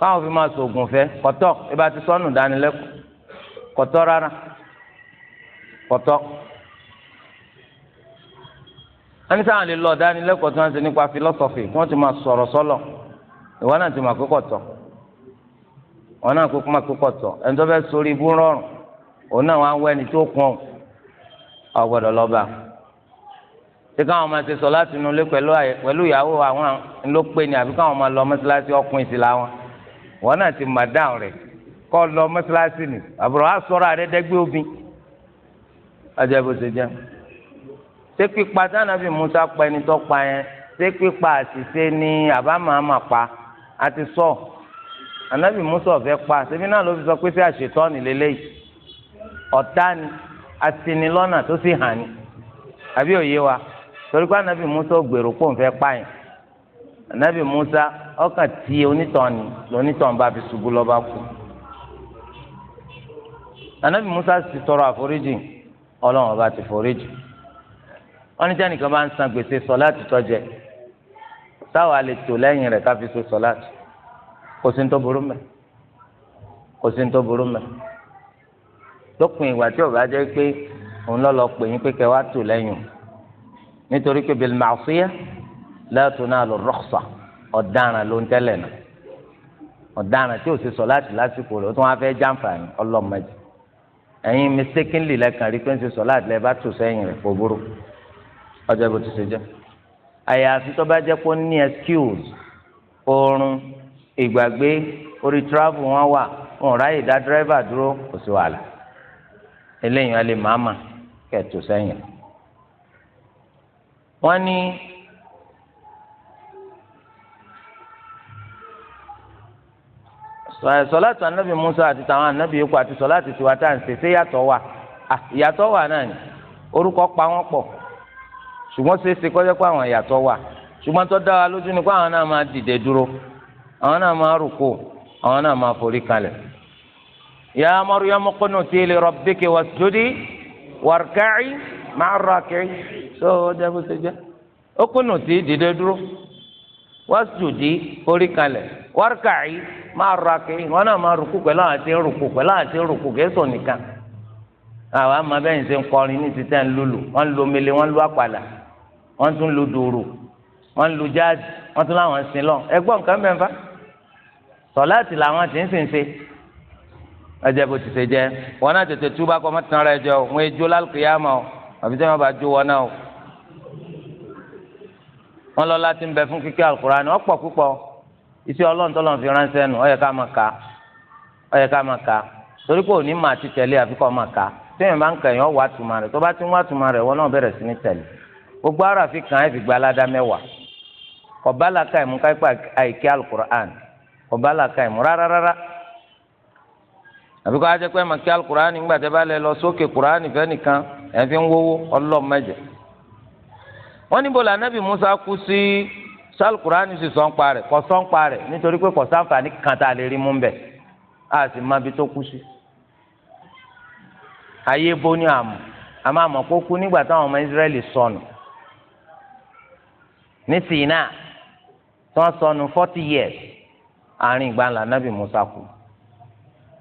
káwọn fi máa sògùn fẹ́ kọ́tọ́ ibà ti kọ́tọ́ rárá kọ́tọ́ wọ́n ní sáwọn lè lọ tí wọ́n ti nípa fílọ́sọ̀fì wọ́n ti máa sọ̀rọ̀ sọ́lọ̀ náà ti máa náà máa ẹni tó fẹ́ ṣé káwọn máa ṣe sọ láti inú ilé pẹ̀lú ìyàwó àwọn ńlọpẹ́ ni àbí káwọn máa lọ mọ́ṣáláṣí ọkùnrin sí làwọn wọn náà ti mà dáhùn rẹ̀ kọ́ lọ mọ́ṣáláṣí ni àbúrò á sọ̀rọ̀ àrẹ́dẹ́gbẹ́ obìn ọjọ́ ìbò ṣe jẹ́ ṣé pípa sànàbì Musa pa ẹni tó pa yẹn ṣé pípa àṣìṣe ni àbámàmà pa sọ Musa ọ̀fẹ́ pa ṣẹbi náà ló fi sọ pé sí àṣetọ́ lélẹ́yìí ọ̀tá ni torí pé anabi musa gbèrò pò ń fẹ́ pààyàn anabi musa ọkàn tí onítọ̀ọ̀nì lónítọ̀ọ̀n bá fi ṣubú lọ́ba kú anabi musa ti tọrọ àforíjì ọlọ́run ọba ti foríjì wọ́n ní jẹ́nìkan bá ń san gbèsè sọ́láàtì tọ́jẹ́ táwa lè tò lẹ́yìn rẹ̀ ká fi so sọ́láàtì kò sí ní tó burú mẹ́ kò sí ní tó burú mẹ́ lópin ìgbà tí ó jẹ́ pé òun lọ́ lọ pè yín pé kẹ́ wá tò lẹ́yìn o nítorí pé bil ma'siyah la tunalu rukhsa ọ̀daràn ló ń tẹ́lẹ̀ náà ọ̀daràn tí ò sì sọ láti lásìkò rẹ̀ ó tún wá fẹ́ jàǹfààní ọlọ́mọdé ẹ̀yin mistakenly lẹ́kàn rí pé ń ṣe sọ láti lẹ́ bá tù sẹ́yìn rẹ̀ kò burú ọjọ́ bó ti ṣe jẹ́ àyàfi tó bá jẹ́ pé ó ní excuse oorun ìgbàgbé orí travel wọn wà wọn ò ráyè dá dírẹ́fà dúró kò sí wàhálà eléyìí wọn lè máa mà kẹ́ẹ̀tù sẹ́yìn rẹ̀ wọ́n ní sọláàtì anabi musa àti tàwọn anabi yòókù àti sọláàtì tiwa tá à ń ṣe ṣé yàtọ̀ wà ìyàtọ̀ wà náà ni orúkọ pa wọ́n pọ̀ ṣùgbọ́n ṣe é ṣe kọ́jọ́ pé àwọn ìyàtọ̀ wà ṣùgbọ́n tó dá lójú ni pé àwọn náà máa dìde dúró àwọn náà máa rúkú àwọn náà máa forí kalẹ̀. ya Maryamu qunuti li rabbiki wasjudi warka'i máa rọ akẹ́yìn tó o jẹ́ bó ṣe jẹ́ ó kùnà tí dìde dúró wọ́n sùdí orí kalẹ̀ wárkàí máa rọ akẹ́yìn wọn náà máa rùkú pẹ̀lú àwọn àti rùkú pẹ̀lú àwọn àti rùkú gẹ̀ẹ́sọ̀ nìkan àwọn àmọ́ bẹ́yìn ṣe ń kọrin ní ti tẹ́ ń lulu wọ́n lu omele wọ́n lu àpàlà wọ́n tún lu dòrò wọ́n lu jáàzì wọ́n tún láwọn sin lọ ẹgbọ́n nǹkan bẹ́ẹ̀ fa sọ̀láàtì làwọn ti ń sìn ṣe ẹ̀jẹ̀ bó ti ṣe jẹ́ wọn náà tètè túbà kọ́ rẹ̀ jọ wọn ejó lálùkìyàmọ́ àbí sẹ́yìn ọba jó wọn náà o wọn lọ láti ń bẹ fún kíké alukurani wọn pọ púpọ̀ isi ọlọ́run tọ́lọ́run fi ránṣẹ́ nù ká máa ka ká máa ka torí pé ka bá ń tuma tó bá ti ń tuma wọn náà sí ní tẹ̀lé gbogbo ara fi kàn án fi gba aládá mẹ́wàá kọ̀bá làkà ìmú káyipá àìkí alukurani kọ̀bá làkà ìmú alukurani lọ sókè ẹ̀ fi ń wówó ọlọ́ọ̀ mẹ́jẹ. wọ́n la Musa kú sí sálùkùránì sì sọ́npa rẹ̀ kọ́ sọ́npa rẹ̀ nítorí pé kò sáǹfààní kan tá a lè rí mú bẹ̀ a sì má bi tó kú sí. ayé bó ní àmọ́ kó kú nígbà táwọn ọmọ sọnù years àárín ìgbà ńlá Musa kú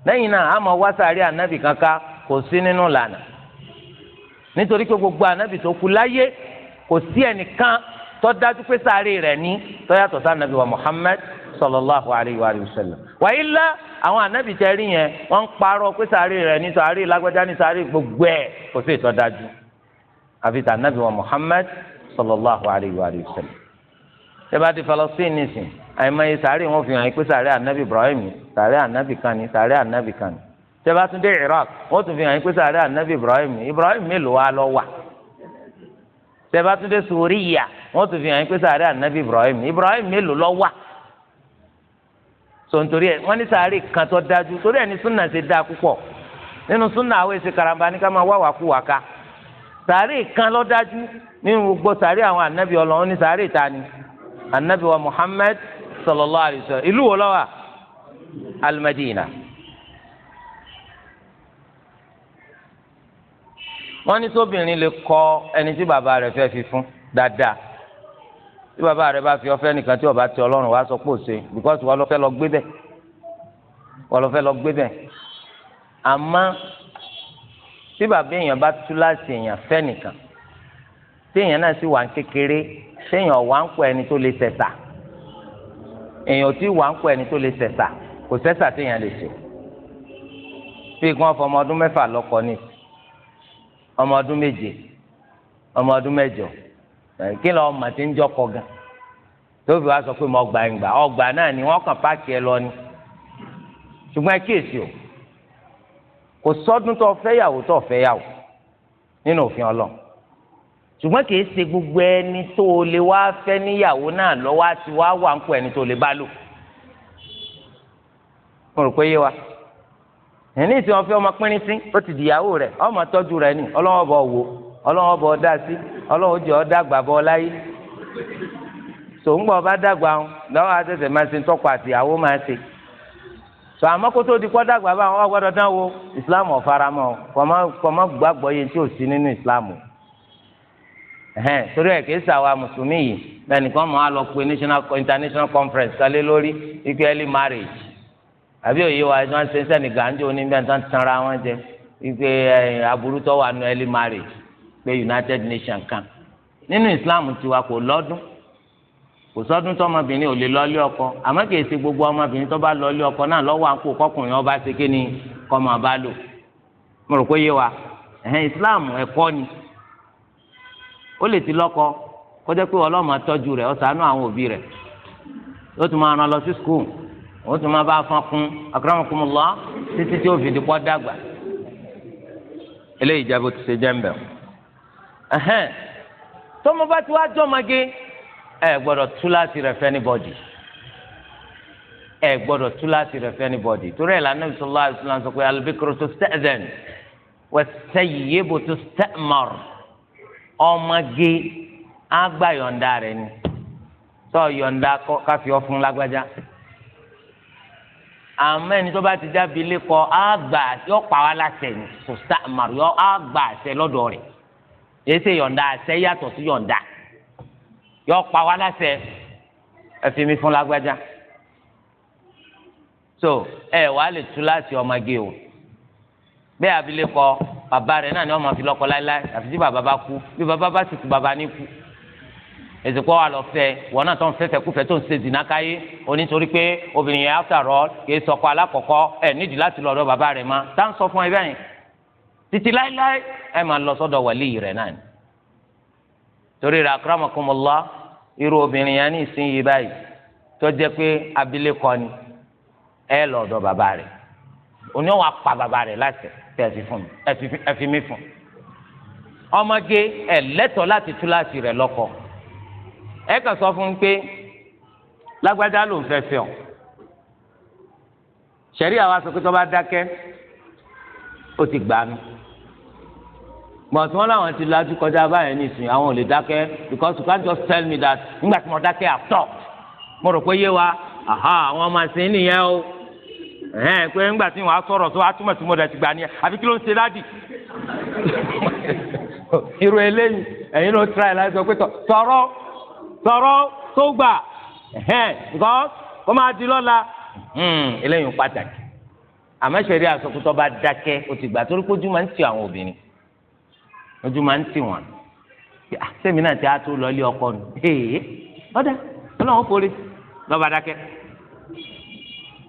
lẹ́yìn náà àmọ́ wá sàárẹ̀ ànábì kankan kò sí nínú nítorí pé gbogbo ànábì tó kú láyé kò sí ẹnìkan tó dájú pé sáré rẹ̀ ní tó yàtọ̀ sí ànábì wa Muhammad sallallahu alayhi wa sallam wàyí la àwọn ànábì tẹ rí yẹn wọ́n ń parọ́ pé sáré rẹ̀ ní sáré lágbájá ní sáré gbogbo ẹ̀ kò sí ìtọ́ dájú àfi tà wa Muhammad sallallahu alayhi wa sallam tẹ́bá ti nìsín àìmọye sáré wọn fi hàn pé sáré ànábì Ibrahim sáré ànábì kan ní sáré ànábì kan ní tẹ́bá tún dé Iraq wọ́n tún fi hàn yín pé sáré Ibrahim Ibrahim mélòó wa lọ wà tẹ́bá tún Suriya wọ́n tún fi hàn yín pé sáré Ibrahim Ibrahim mélòó lọ wà sontori ẹ wọ́n ní sáré kan tó dájú torí ẹni súnà ṣe dáa púpọ̀ nínú súnà àwọn èsì karamba ní ká máa wá wàkú wàká sáré kan lọ dájú nínú gbogbo sáré àwọn ànábì Ọlọ́run ní sáré ta ni ànábì wa Muhammad sallallahu alayhi wa sallam ìlú wo lọ wà Al-Madina. wọ́n ní sóbìnrin lè kọ ẹni tí bàbá rẹ̀ fẹ́ fi fún dáadáa tí bàbá rẹ̀ bá fi ọ̀fẹ́ nìkan tí ọba ti Ọlọ́run wàá sọ pé òsè because wọ́n lọ fẹ́ lọ gbé bẹ̀ wọ́n lọ fẹ́ lọ gbé bẹ̀ àmọ́ tí bàbá èèyàn bá tú láti èèyàn fẹ́ nìkan tí èèyàn náà sì wà ń kékeré tí èèyàn wà ń pọ̀ ẹni tó lè sẹ̀sà èèyàn tí wà ń pọ̀ ẹni tó lè sẹ̀sà kò sẹ̀sà tí èèyàn lè ṣe bí kí fọmọ ọdún mẹ́fà lọ́kọ nìyí ọmọ ọdún méje ọmọ ọdún mẹ́jọ kí lọ ọmọ tí ń jọkọ gan tóbi wá sọ pé mo gbà ń gbà ọgbà náà ni wọ́n kàn páàkì ẹ lọ ni ṣùgbọ́n ẹ kíyèsí o kò sọ́dún tó fẹ́ yàwó tó fẹ́ yàwó nínú òfin Ọlọ́run ṣùgbọ́n kì í ṣe gbogbo ẹni tó o lè wá fẹ́ níyàwó náà lọ́wọ́ àti wá wà ń pọ̀ ẹni tó o lè bá lò mo rò pé yé wa. ẹni ìsìn ọ̀fẹ́ ọmọ pínrín sí ó ti dìyàwó rẹ̀ ọmọ tọ́jú rẹ̀ ni ọlọ́wọ́ bọ̀ wò ọlọ́wọ́ bọ dá sí ọlọ́wọ́ jẹ́ ọ dàgbà bọ̀ láyé sò ń gbọ́ ọba dàgbà ń lọ́wọ́ àtẹ̀sẹ̀ máa ṣe tọ́kọ àtìyàwó máa ṣe di dàgbà bá wọn dán wo Islam ọ̀faramọ́ kọ́mọ́ gbàgbọ́ yẹn tí ò sí nínú Islam ẹ̀hẹ́n torí ẹ̀ kì í sàwa mùsùlùmí yìí pé international conference lórí ikú àbí òye wa ni wọn ṣe ń sẹ́ni gàǹjẹ́ oníbẹ̀ tó ń tanra wọn jẹ wípé aburú tó wà nù early marriage pé United Nations kan nínú Islam tiwa kò lọ́dún kò sọ́dún tó ọmọbìnrin ò lè lọ́ọ́lé ọkọ àmọ́ kìí ṣe gbogbo ọmọbìnrin tó bá lọ́ọ́lé ọkọ náà lọ́wọ́ àpò kọkùnrin ọba ṣe kí ni kọ́mọ bá lò mo rò pé yé wa ẹ̀hẹ́n Islam ẹ̀kọ́ ni ó lè ti lọ́kọ kọjá pé ọlọ́mọ tọ́jú rẹ̀ ọ̀sánú àwọn òbí rẹ̀ ó tún máa rán lọ sí school o tún máa bá fọn kún akramakumullah títí tí o fi di pọ́ dàgbà eléyìí jábọ̀ ti ṣe jẹ́ńbẹ̀ ẹ̀hẹ́n tọ́mọ bá ti wá jọ́mọge ẹ gbọ́dọ̀ tú láti rẹ̀ fẹ́ anybody ẹ gbọ́dọ̀ tú láti rẹ̀ fẹ́ anybody torí ẹ̀ lànà sallallahu alaihi wasallam sọ pé al-bikru tusta'dhan wat-tayyibu tusta'mar ọmọge á gbà yọ̀ǹda rẹ̀ ni tọ́ yọ̀ǹda káfíọ́ fún lágbájá àmọ́ ẹni tó bá ti dábìí lé kọ á gbà yọ pa wá láṣẹ ní sòsá màrú yọ á gbà àṣẹ lọ́dọ̀ rẹ̀ èsè yọ̀ǹda àṣẹ yàtọ̀ sí yọ̀ǹda yọ pa wá láṣẹ ẹ fi mi fún lágbájá so ẹ wàá lè tú láti ọmọge o bẹ́ẹ̀ abilékọ bàbá rẹ̀ náà ni wọ́n máa fi lọ́kọ láéláé àfi tí bàbá bá kú bí bàbá bá sì kú bàbá ní kú ezekwa wa lọ fẹ́ wọn náà tó ń fẹsẹ kúfẹ tó ń ṣe zina káyé onítorí pé obìnrin yẹn after all kì í sọkọ alákọ̀ọ́kọ́ ẹ nídìí láti lọ ọ̀dọ̀ bàbá rẹ̀ ma tá ń fún ẹ bẹ́ẹ̀ títí láéláé ẹ máa lọ sọ́dọ̀ wàlí rẹ̀ náà ni. torí rẹ̀ akramakumullah irú obìnrin yẹn ní ìsinyìí báyìí tó jẹ́ pé abilékọ ni ẹ lọ ọ̀dọ̀ bàbá rẹ̀ oní wa pa bàbá rẹ̀ láti tẹ ẹ fi mí fún ọmọge ẹ lẹ́tọ̀ọ́ láti tú láti rẹ̀ lọ́kọ̀ọ́ ẹ kàn sọ fún un pé lágbájá ló ń fẹ́ fẹ́ ọ sẹ̀rí àwa sọ pé tó bá dákẹ́ ó ti gbà mí bọ̀tún wọn làwọn ti lajú kọjá báyẹn nísìnyí àwọn ò lè dákẹ́ because you can't just tell me that nígbà tí mo dákẹ́ I stop mo rò pé yé wa aha àwọn ọmọ àṣẹ nìyẹn o ẹ̀hẹ́n pé nígbà tí wọ́n á sọ̀rọ̀ tó atúmọ̀ tí mo dẹ̀ ti gbà nìyẹn àfi kí ló ń ṣe dádì irú eléyìí ẹ̀yin ló try láti sọ pé tọ̀rọ̀ sọ̀rọ̀ tó gbà nǹkan kó máa di lọ́la hmm, eléyìí pàtàkì àmọ́ ṣẹ̀rí àsọkútọ́ bá dákẹ́ ó ti gbà torí pé ojú máa ń tì àwọn obìnrin ojú máa ń tì wọ́n ah, sẹ́mi náà ti á tó lọ́ọ́lé ọkọ nù ọ̀dà ọlọ́run forí lọ́ba dákẹ́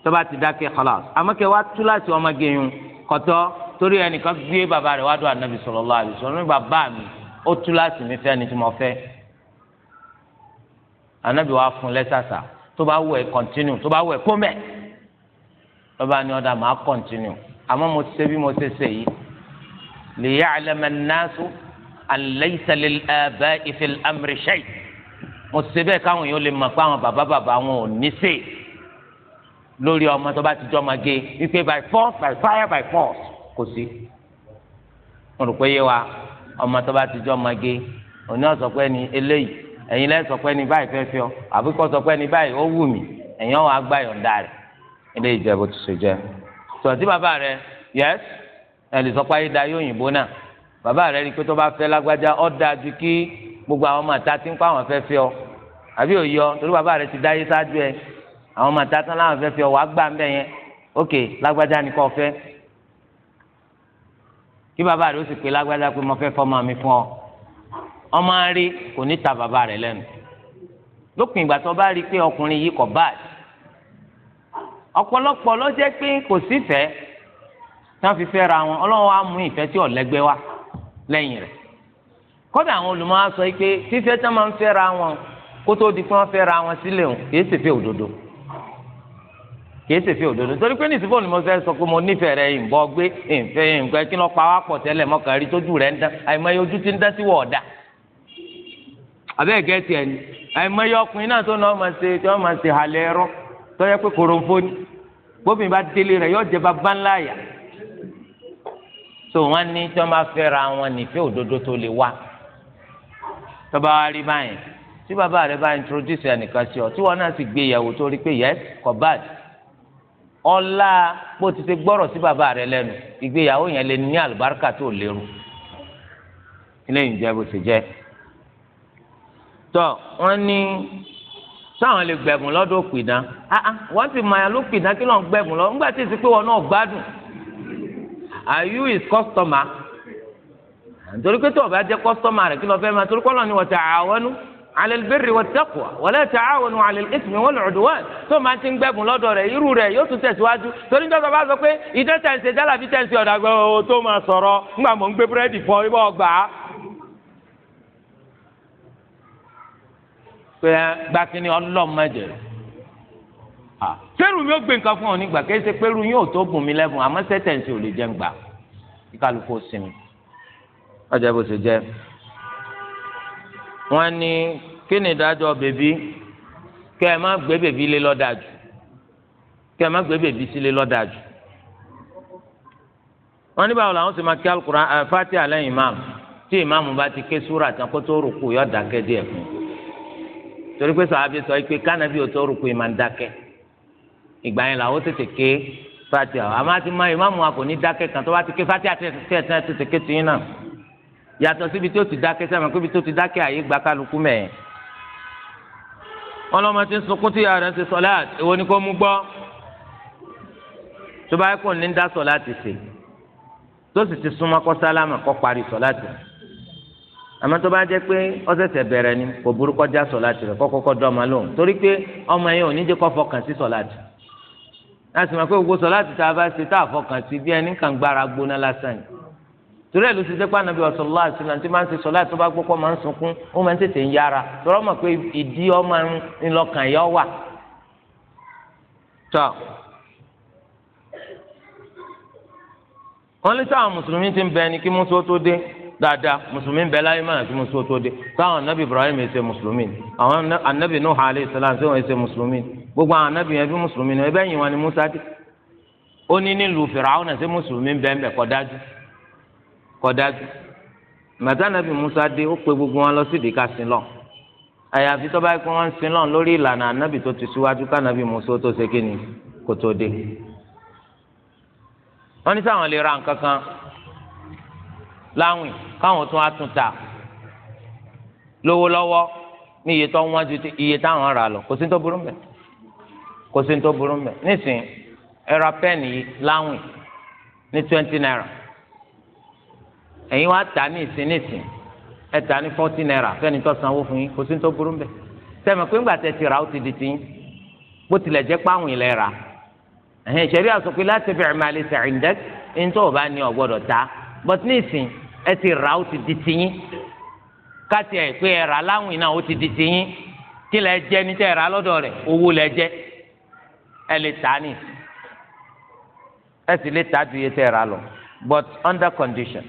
tọ́ba ti dákẹ́ kọ́lá àmọ́kẹ́ wa tú láti ọmọge yun kọ́tọ́ torí ẹnìkan gbé bàbá rẹ̀ wá dùn ànábì sallallahu alaihi wasallam bàbá mi ó tú láti mi fẹ́ ni tí mo fẹ́ anabi wa fún lẹ́sàsà tó bá wù ẹ́ kọ́ntínú tó bá wù ẹ́ kómẹ́ lọ́ba ni ọ̀dà máa kọ́ntínú àmọ́ mo ṣe bí mo ṣe ṣe yìí li ya'lama an-nasu an laysa lil-aba'i fil amri shay' mo ṣe bẹ́ẹ̀ káwọn yóò lè mọ̀ pé àwọn bàbá bàbá wọn ò ní sè lórí ọmọ tó bá ti jọ́ ọmọ gé wípé by force by fire by force kò sí mo rò pé yé wa ọmọ tó bá ti jọ́ ọmọ gé òní ọ̀sọ̀ pé ni eléyìí ẹ̀yin lẹ sọ pé ní báyìí fẹ́ fi ọ àbí kọ́ sọ pé ní báyìí ó wù mí ẹ̀yin ọ̀hún agbáyọ̀ǹda rẹ̀ ilé ìjẹ́bù ti ṣe jẹ́ sọ̀tí bàbá rẹ̀ yẹ́s ẹ̀ lè da yóò náà bàbá rẹ̀ rí pé tó bá fẹ́ lágbájá ọ́ dáa ju kí gbogbo àwọn màtá tí ń pa àwọn fẹ́ fi ọ àbí òye ọ torí bàbá rẹ̀ ti dáyé sáájú ẹ àwọn màtá tán láwọn fẹ́ fi ọ wàá gbà mbẹ́ yẹn ókè lágbájá ni kò fẹ́ kí bàbá rẹ̀ ó sì pé lágbájá pé mo fẹ́ fọ́ mi fún ọ ọmọ rí kò ní ta bàbá rẹ̀ lẹ́nu lópin ìgbà tó bá rí i pé ọkùnrin yìí kò bad ọ̀pọ̀lọpọ̀ ló jẹ́ pé kò sífẹ̀ẹ́ tí wọ́n fi fẹ́ ra wọn ọlọ́run wa mú ìfẹ́ tí ọ̀lẹ́gbẹ́ wá lẹ́yìn rẹ̀ kọ́dà àwọn olùmọ̀ á sọ pé fífẹ́ tí wọ́n máa ń fẹ́ ra wọn kó tó di pé wọ́n fẹ́ ra wọn sílẹ̀ o kìí ṣe fẹ́ òdodo kìí ṣe fẹ́ òdodo torí pé nìsíbò ni mo fẹ́ sọ pé mo nífẹ̀ẹ́ rẹ ìbọn gbé ìfẹ́ ìgbẹ́ kí lọ́ pa wá pọ̀ tẹ́lẹ̀ mọ́kàrí tójú rẹ̀ ń dán àìmọye abẹ́ gẹ̀ẹ́tì ẹni àìmọye ọkùnrin náà tó náà máa ṣe tí wọ́n máa ṣe halẹ̀ ẹ̀rọ tó yẹ pé koronfo ni gbóbìn bá délé rẹ̀ yóò jẹ bàbá ńlá yà tó wọ́n ní tí wọ́n bá fẹ́ra wọn nífẹ̀ẹ́ òdodo tó lè wá tó bá wá rí báyìí tí bàbá rẹ̀ bá introduce ẹnìkan sí ọ tí wọ́n náà sì gbé ìyàwó tó rí pé yes kọ̀bad ọlá bó ti ṣe gbọ́rọ̀ sí bàbá rẹ̀ lẹ́nu ìgbéyàwó yẹn lè ní àlùbáríkà tó lérò ilé ìjẹ́ bó ti jẹ́ tọ wọn ní táwọn lè gbẹ̀bùn lọ́dọ̀ òpìdán wọ́n ti mọ àyàló òpìdán kí lọ́n gbẹ̀bùn lọ nígbà tí ì wọn náà gbádùn are you his customer nítorí pé tó customer rẹ̀ kí lọ́ọ́ fẹ́ máa torí kọ́lọ́ ni wa ta'awanu 'ala al-birri wat-taqwa wa la ta'awanu 'ala al-ithmi wal-'udwan tó máa ti ń gbẹ̀bùn lọ́dọ̀ rẹ̀ irú rẹ̀ yóò tún tẹ̀síwájú torí sọ pé jálàbí tó máa sọ̀rọ̀ ńgbà mọ̀ ń gbé búrẹ́dì pé gbàkínní ọlọ́mọdé sẹ́rù mi ò gbé nǹkan fún ọ nígbà kí ẹ ṣe pẹ́rù yóò tó bùn mí lẹ́bùn àmọ́ sẹ́tẹ̀ǹsì ò lè jẹ́ ń gbà kí kálukú sinmi ọjà bó ṣe jẹ́ wọ́n ní kí ni ìdájọ́ bèbí kẹ́ ẹ má gbé bèbí lé lọ́dà jù kẹ́ ẹ má gbé bèbí sílé lọ́dà jù wọ́n ní báwo làwọn sì máa kí alukura eh, fati alẹ́ ìmáàmù tí ìmáàmù bá ti ké súrà tán kó tó rùkú dákẹ́ díẹ̀ fún un torí pé sàábì sọ pé kánàbí ò tó rúkú ìmà ń dákẹ́ ìgbà yẹn làwọn tètè ké fati àwọn àmọ́ àti máa ìmáàmù wa kò ní dákẹ́ kan tó bá ti ké fati àti ẹ̀sán tètè ké tìyín náà yàtọ̀ síbi tó ti dákẹ́ sẹ́mi kó ibi tó ti dákẹ́ àyè gba kálukú mẹ́ẹ̀. wọn lọ́mọ tí ń sunkún tí ìyá ń ṣe sọ́láàt èwo ni kò mú gbọ́ tó bá yẹ kó ní dá sọ́láàt sí tó sì ti súnmọ́ kọ́ sálámà kọ́ parí sọ́láàt sí. àmọ́ tó bá jẹ́ pé ọ̀sẹ̀sẹ̀ bẹ̀rẹ̀ ni kò burú kọjá sọ̀láàtì rẹ̀ kọ́kọ́kọ́ dọ́ ọmọ lóhùn torí pé ọmọ yẹn ò ní jẹ́ kó fọkàn sí sọ̀láàtì láti mọ̀ pé gbogbo tá a bá ṣe tá a fọkàn sí bí ẹni kan gbára gbóná lásán ni torí ẹ̀ ló ṣe sẹ́pà nàbí ọ̀sọ̀lá àti nàntí máa ń ṣe tó bá gbọ́ pọ̀ máa ń sunkún ó máa ń tètè ń yára ti ń bẹ ẹni kí mú Dada, mùsùlùmí bẹ́ẹ̀ láyé máa ti mùsùlùmí tó dé táwọn anabi ibrahim ẹ̀ ṣe mùsùlùmí ni àwọn anabi nuh alayhi salam ṣe wọn ẹ̀ ni gbogbo àwọn anabi yẹn fi mùsùlùmí ni ẹbẹ́ yìí wọn ni musa dé ó ní nílùú fìràwọn ẹ̀ ṣe mùsùlùmí bẹ́ẹ̀ bẹ́ẹ̀ kọ́ dájú kọ́ dájú màtá anabi musa dé ó pe gbogbo wọn lọ sídìí ká sin lọ àyàfi tó bá yẹ kó wọn sin lórí ìlànà anabi tó ti síwájú ká anabi musa tó ṣe kíni kó tó dé wọn ní sáwọn lè ra nǹkan láwìn káwọn tún á tún ta lówó lọ́wọ́ ní iye tó ń wájú iye táwọn rà lọ kò sí tó burú mbẹ kò sí tó burú mbẹ nísìn ẹ ra yìí láwìn ní twenty naira ẹ̀yin wá tà ní ìsìn ní ẹ tà ní forty naira fẹ́ni tó sanwó fún yín kò sí tó burú mbẹ sẹ́mi pé ńgbà tẹ̀ ti rà ó ti di tiyín bó tilẹ̀ jẹ́ páwọn ilẹ̀ rà ẹ̀hìn ìṣẹ̀rí àsopin láti bẹ̀rẹ̀ máa lè sẹ̀rìn dẹ́k tó o bá ní ọ̀gbọ́dọ̀ ta but ní ìsìn ẹ ti rà ó ti di tiyín káti ẹ̀ pé ẹ rà láwìn náà ó ti di tiyín kí lẹ jẹ ní tẹ ẹ rà lọ́dọ̀ rẹ̀ owó lẹ jẹ ẹ lè tà ní ẹ sì lè tà ju iye tẹ rà lọ but under condition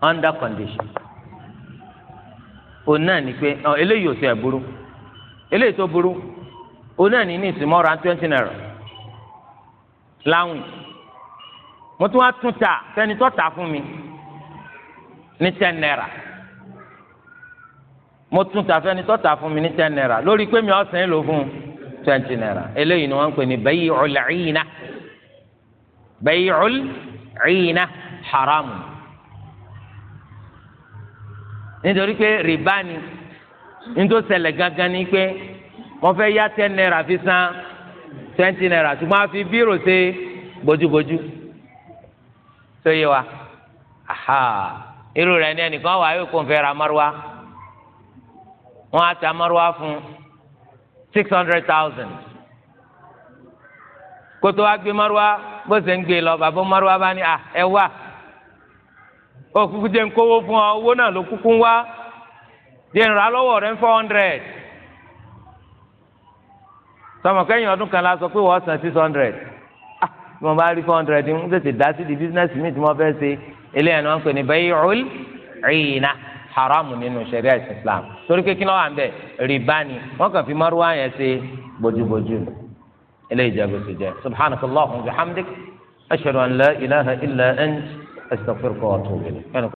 under condition òun náà ní pé eléyìí ò sí ẹ̀ burú eléyìí tó burú òun náà ní ní ìsìnmọ́ra twenty naira láwìn. mo tún wá tún ta fún mi ní naira mo tún ta tó ta fún mi ní naira lórí pé mi ló fún twenty naira eléyìí ni wọ́n ń pè ní haramu nítorí pé rìbá ni nítorí ni pé fẹ́ yá naira fi san twenty naira ṣùgbọ́n a fi bírò ṣe bójúbójú. Boju tó yé wa aha irú rẹ̀ ní ẹnìkan wà ayé kò ra márùwá wọ́n á ta six hundred thousand kótó wa gbé márùwá bó ṣe ń gbé lọ bàbá márùwá bá ní à ẹ wá òkùnkùn jẹ́ ń kówó fún ọ owó náà ló kúkú ń wá jẹ́ ń ra lọ́wọ́ ń four hundred la sọ pé wọ́n san six hundred. tí mo bá rí four hundred ń tètè dá sí di bísínẹ́sì mi tí mo fẹ́ ṣe eléyà ni wọ́n ń pè ní bay'ul ìyìnà haramu nínú sharia islam torí pé kí ló wà ń bẹ̀ rìbá ni wọ́n kàn fi márùwá yẹn ṣe bójúbójú eléyìí jẹ́ gbèsè jẹ́ subhanakallahumma wa bihamdik ashhadu an la ilaha illa ant astaghfiruka wa atubu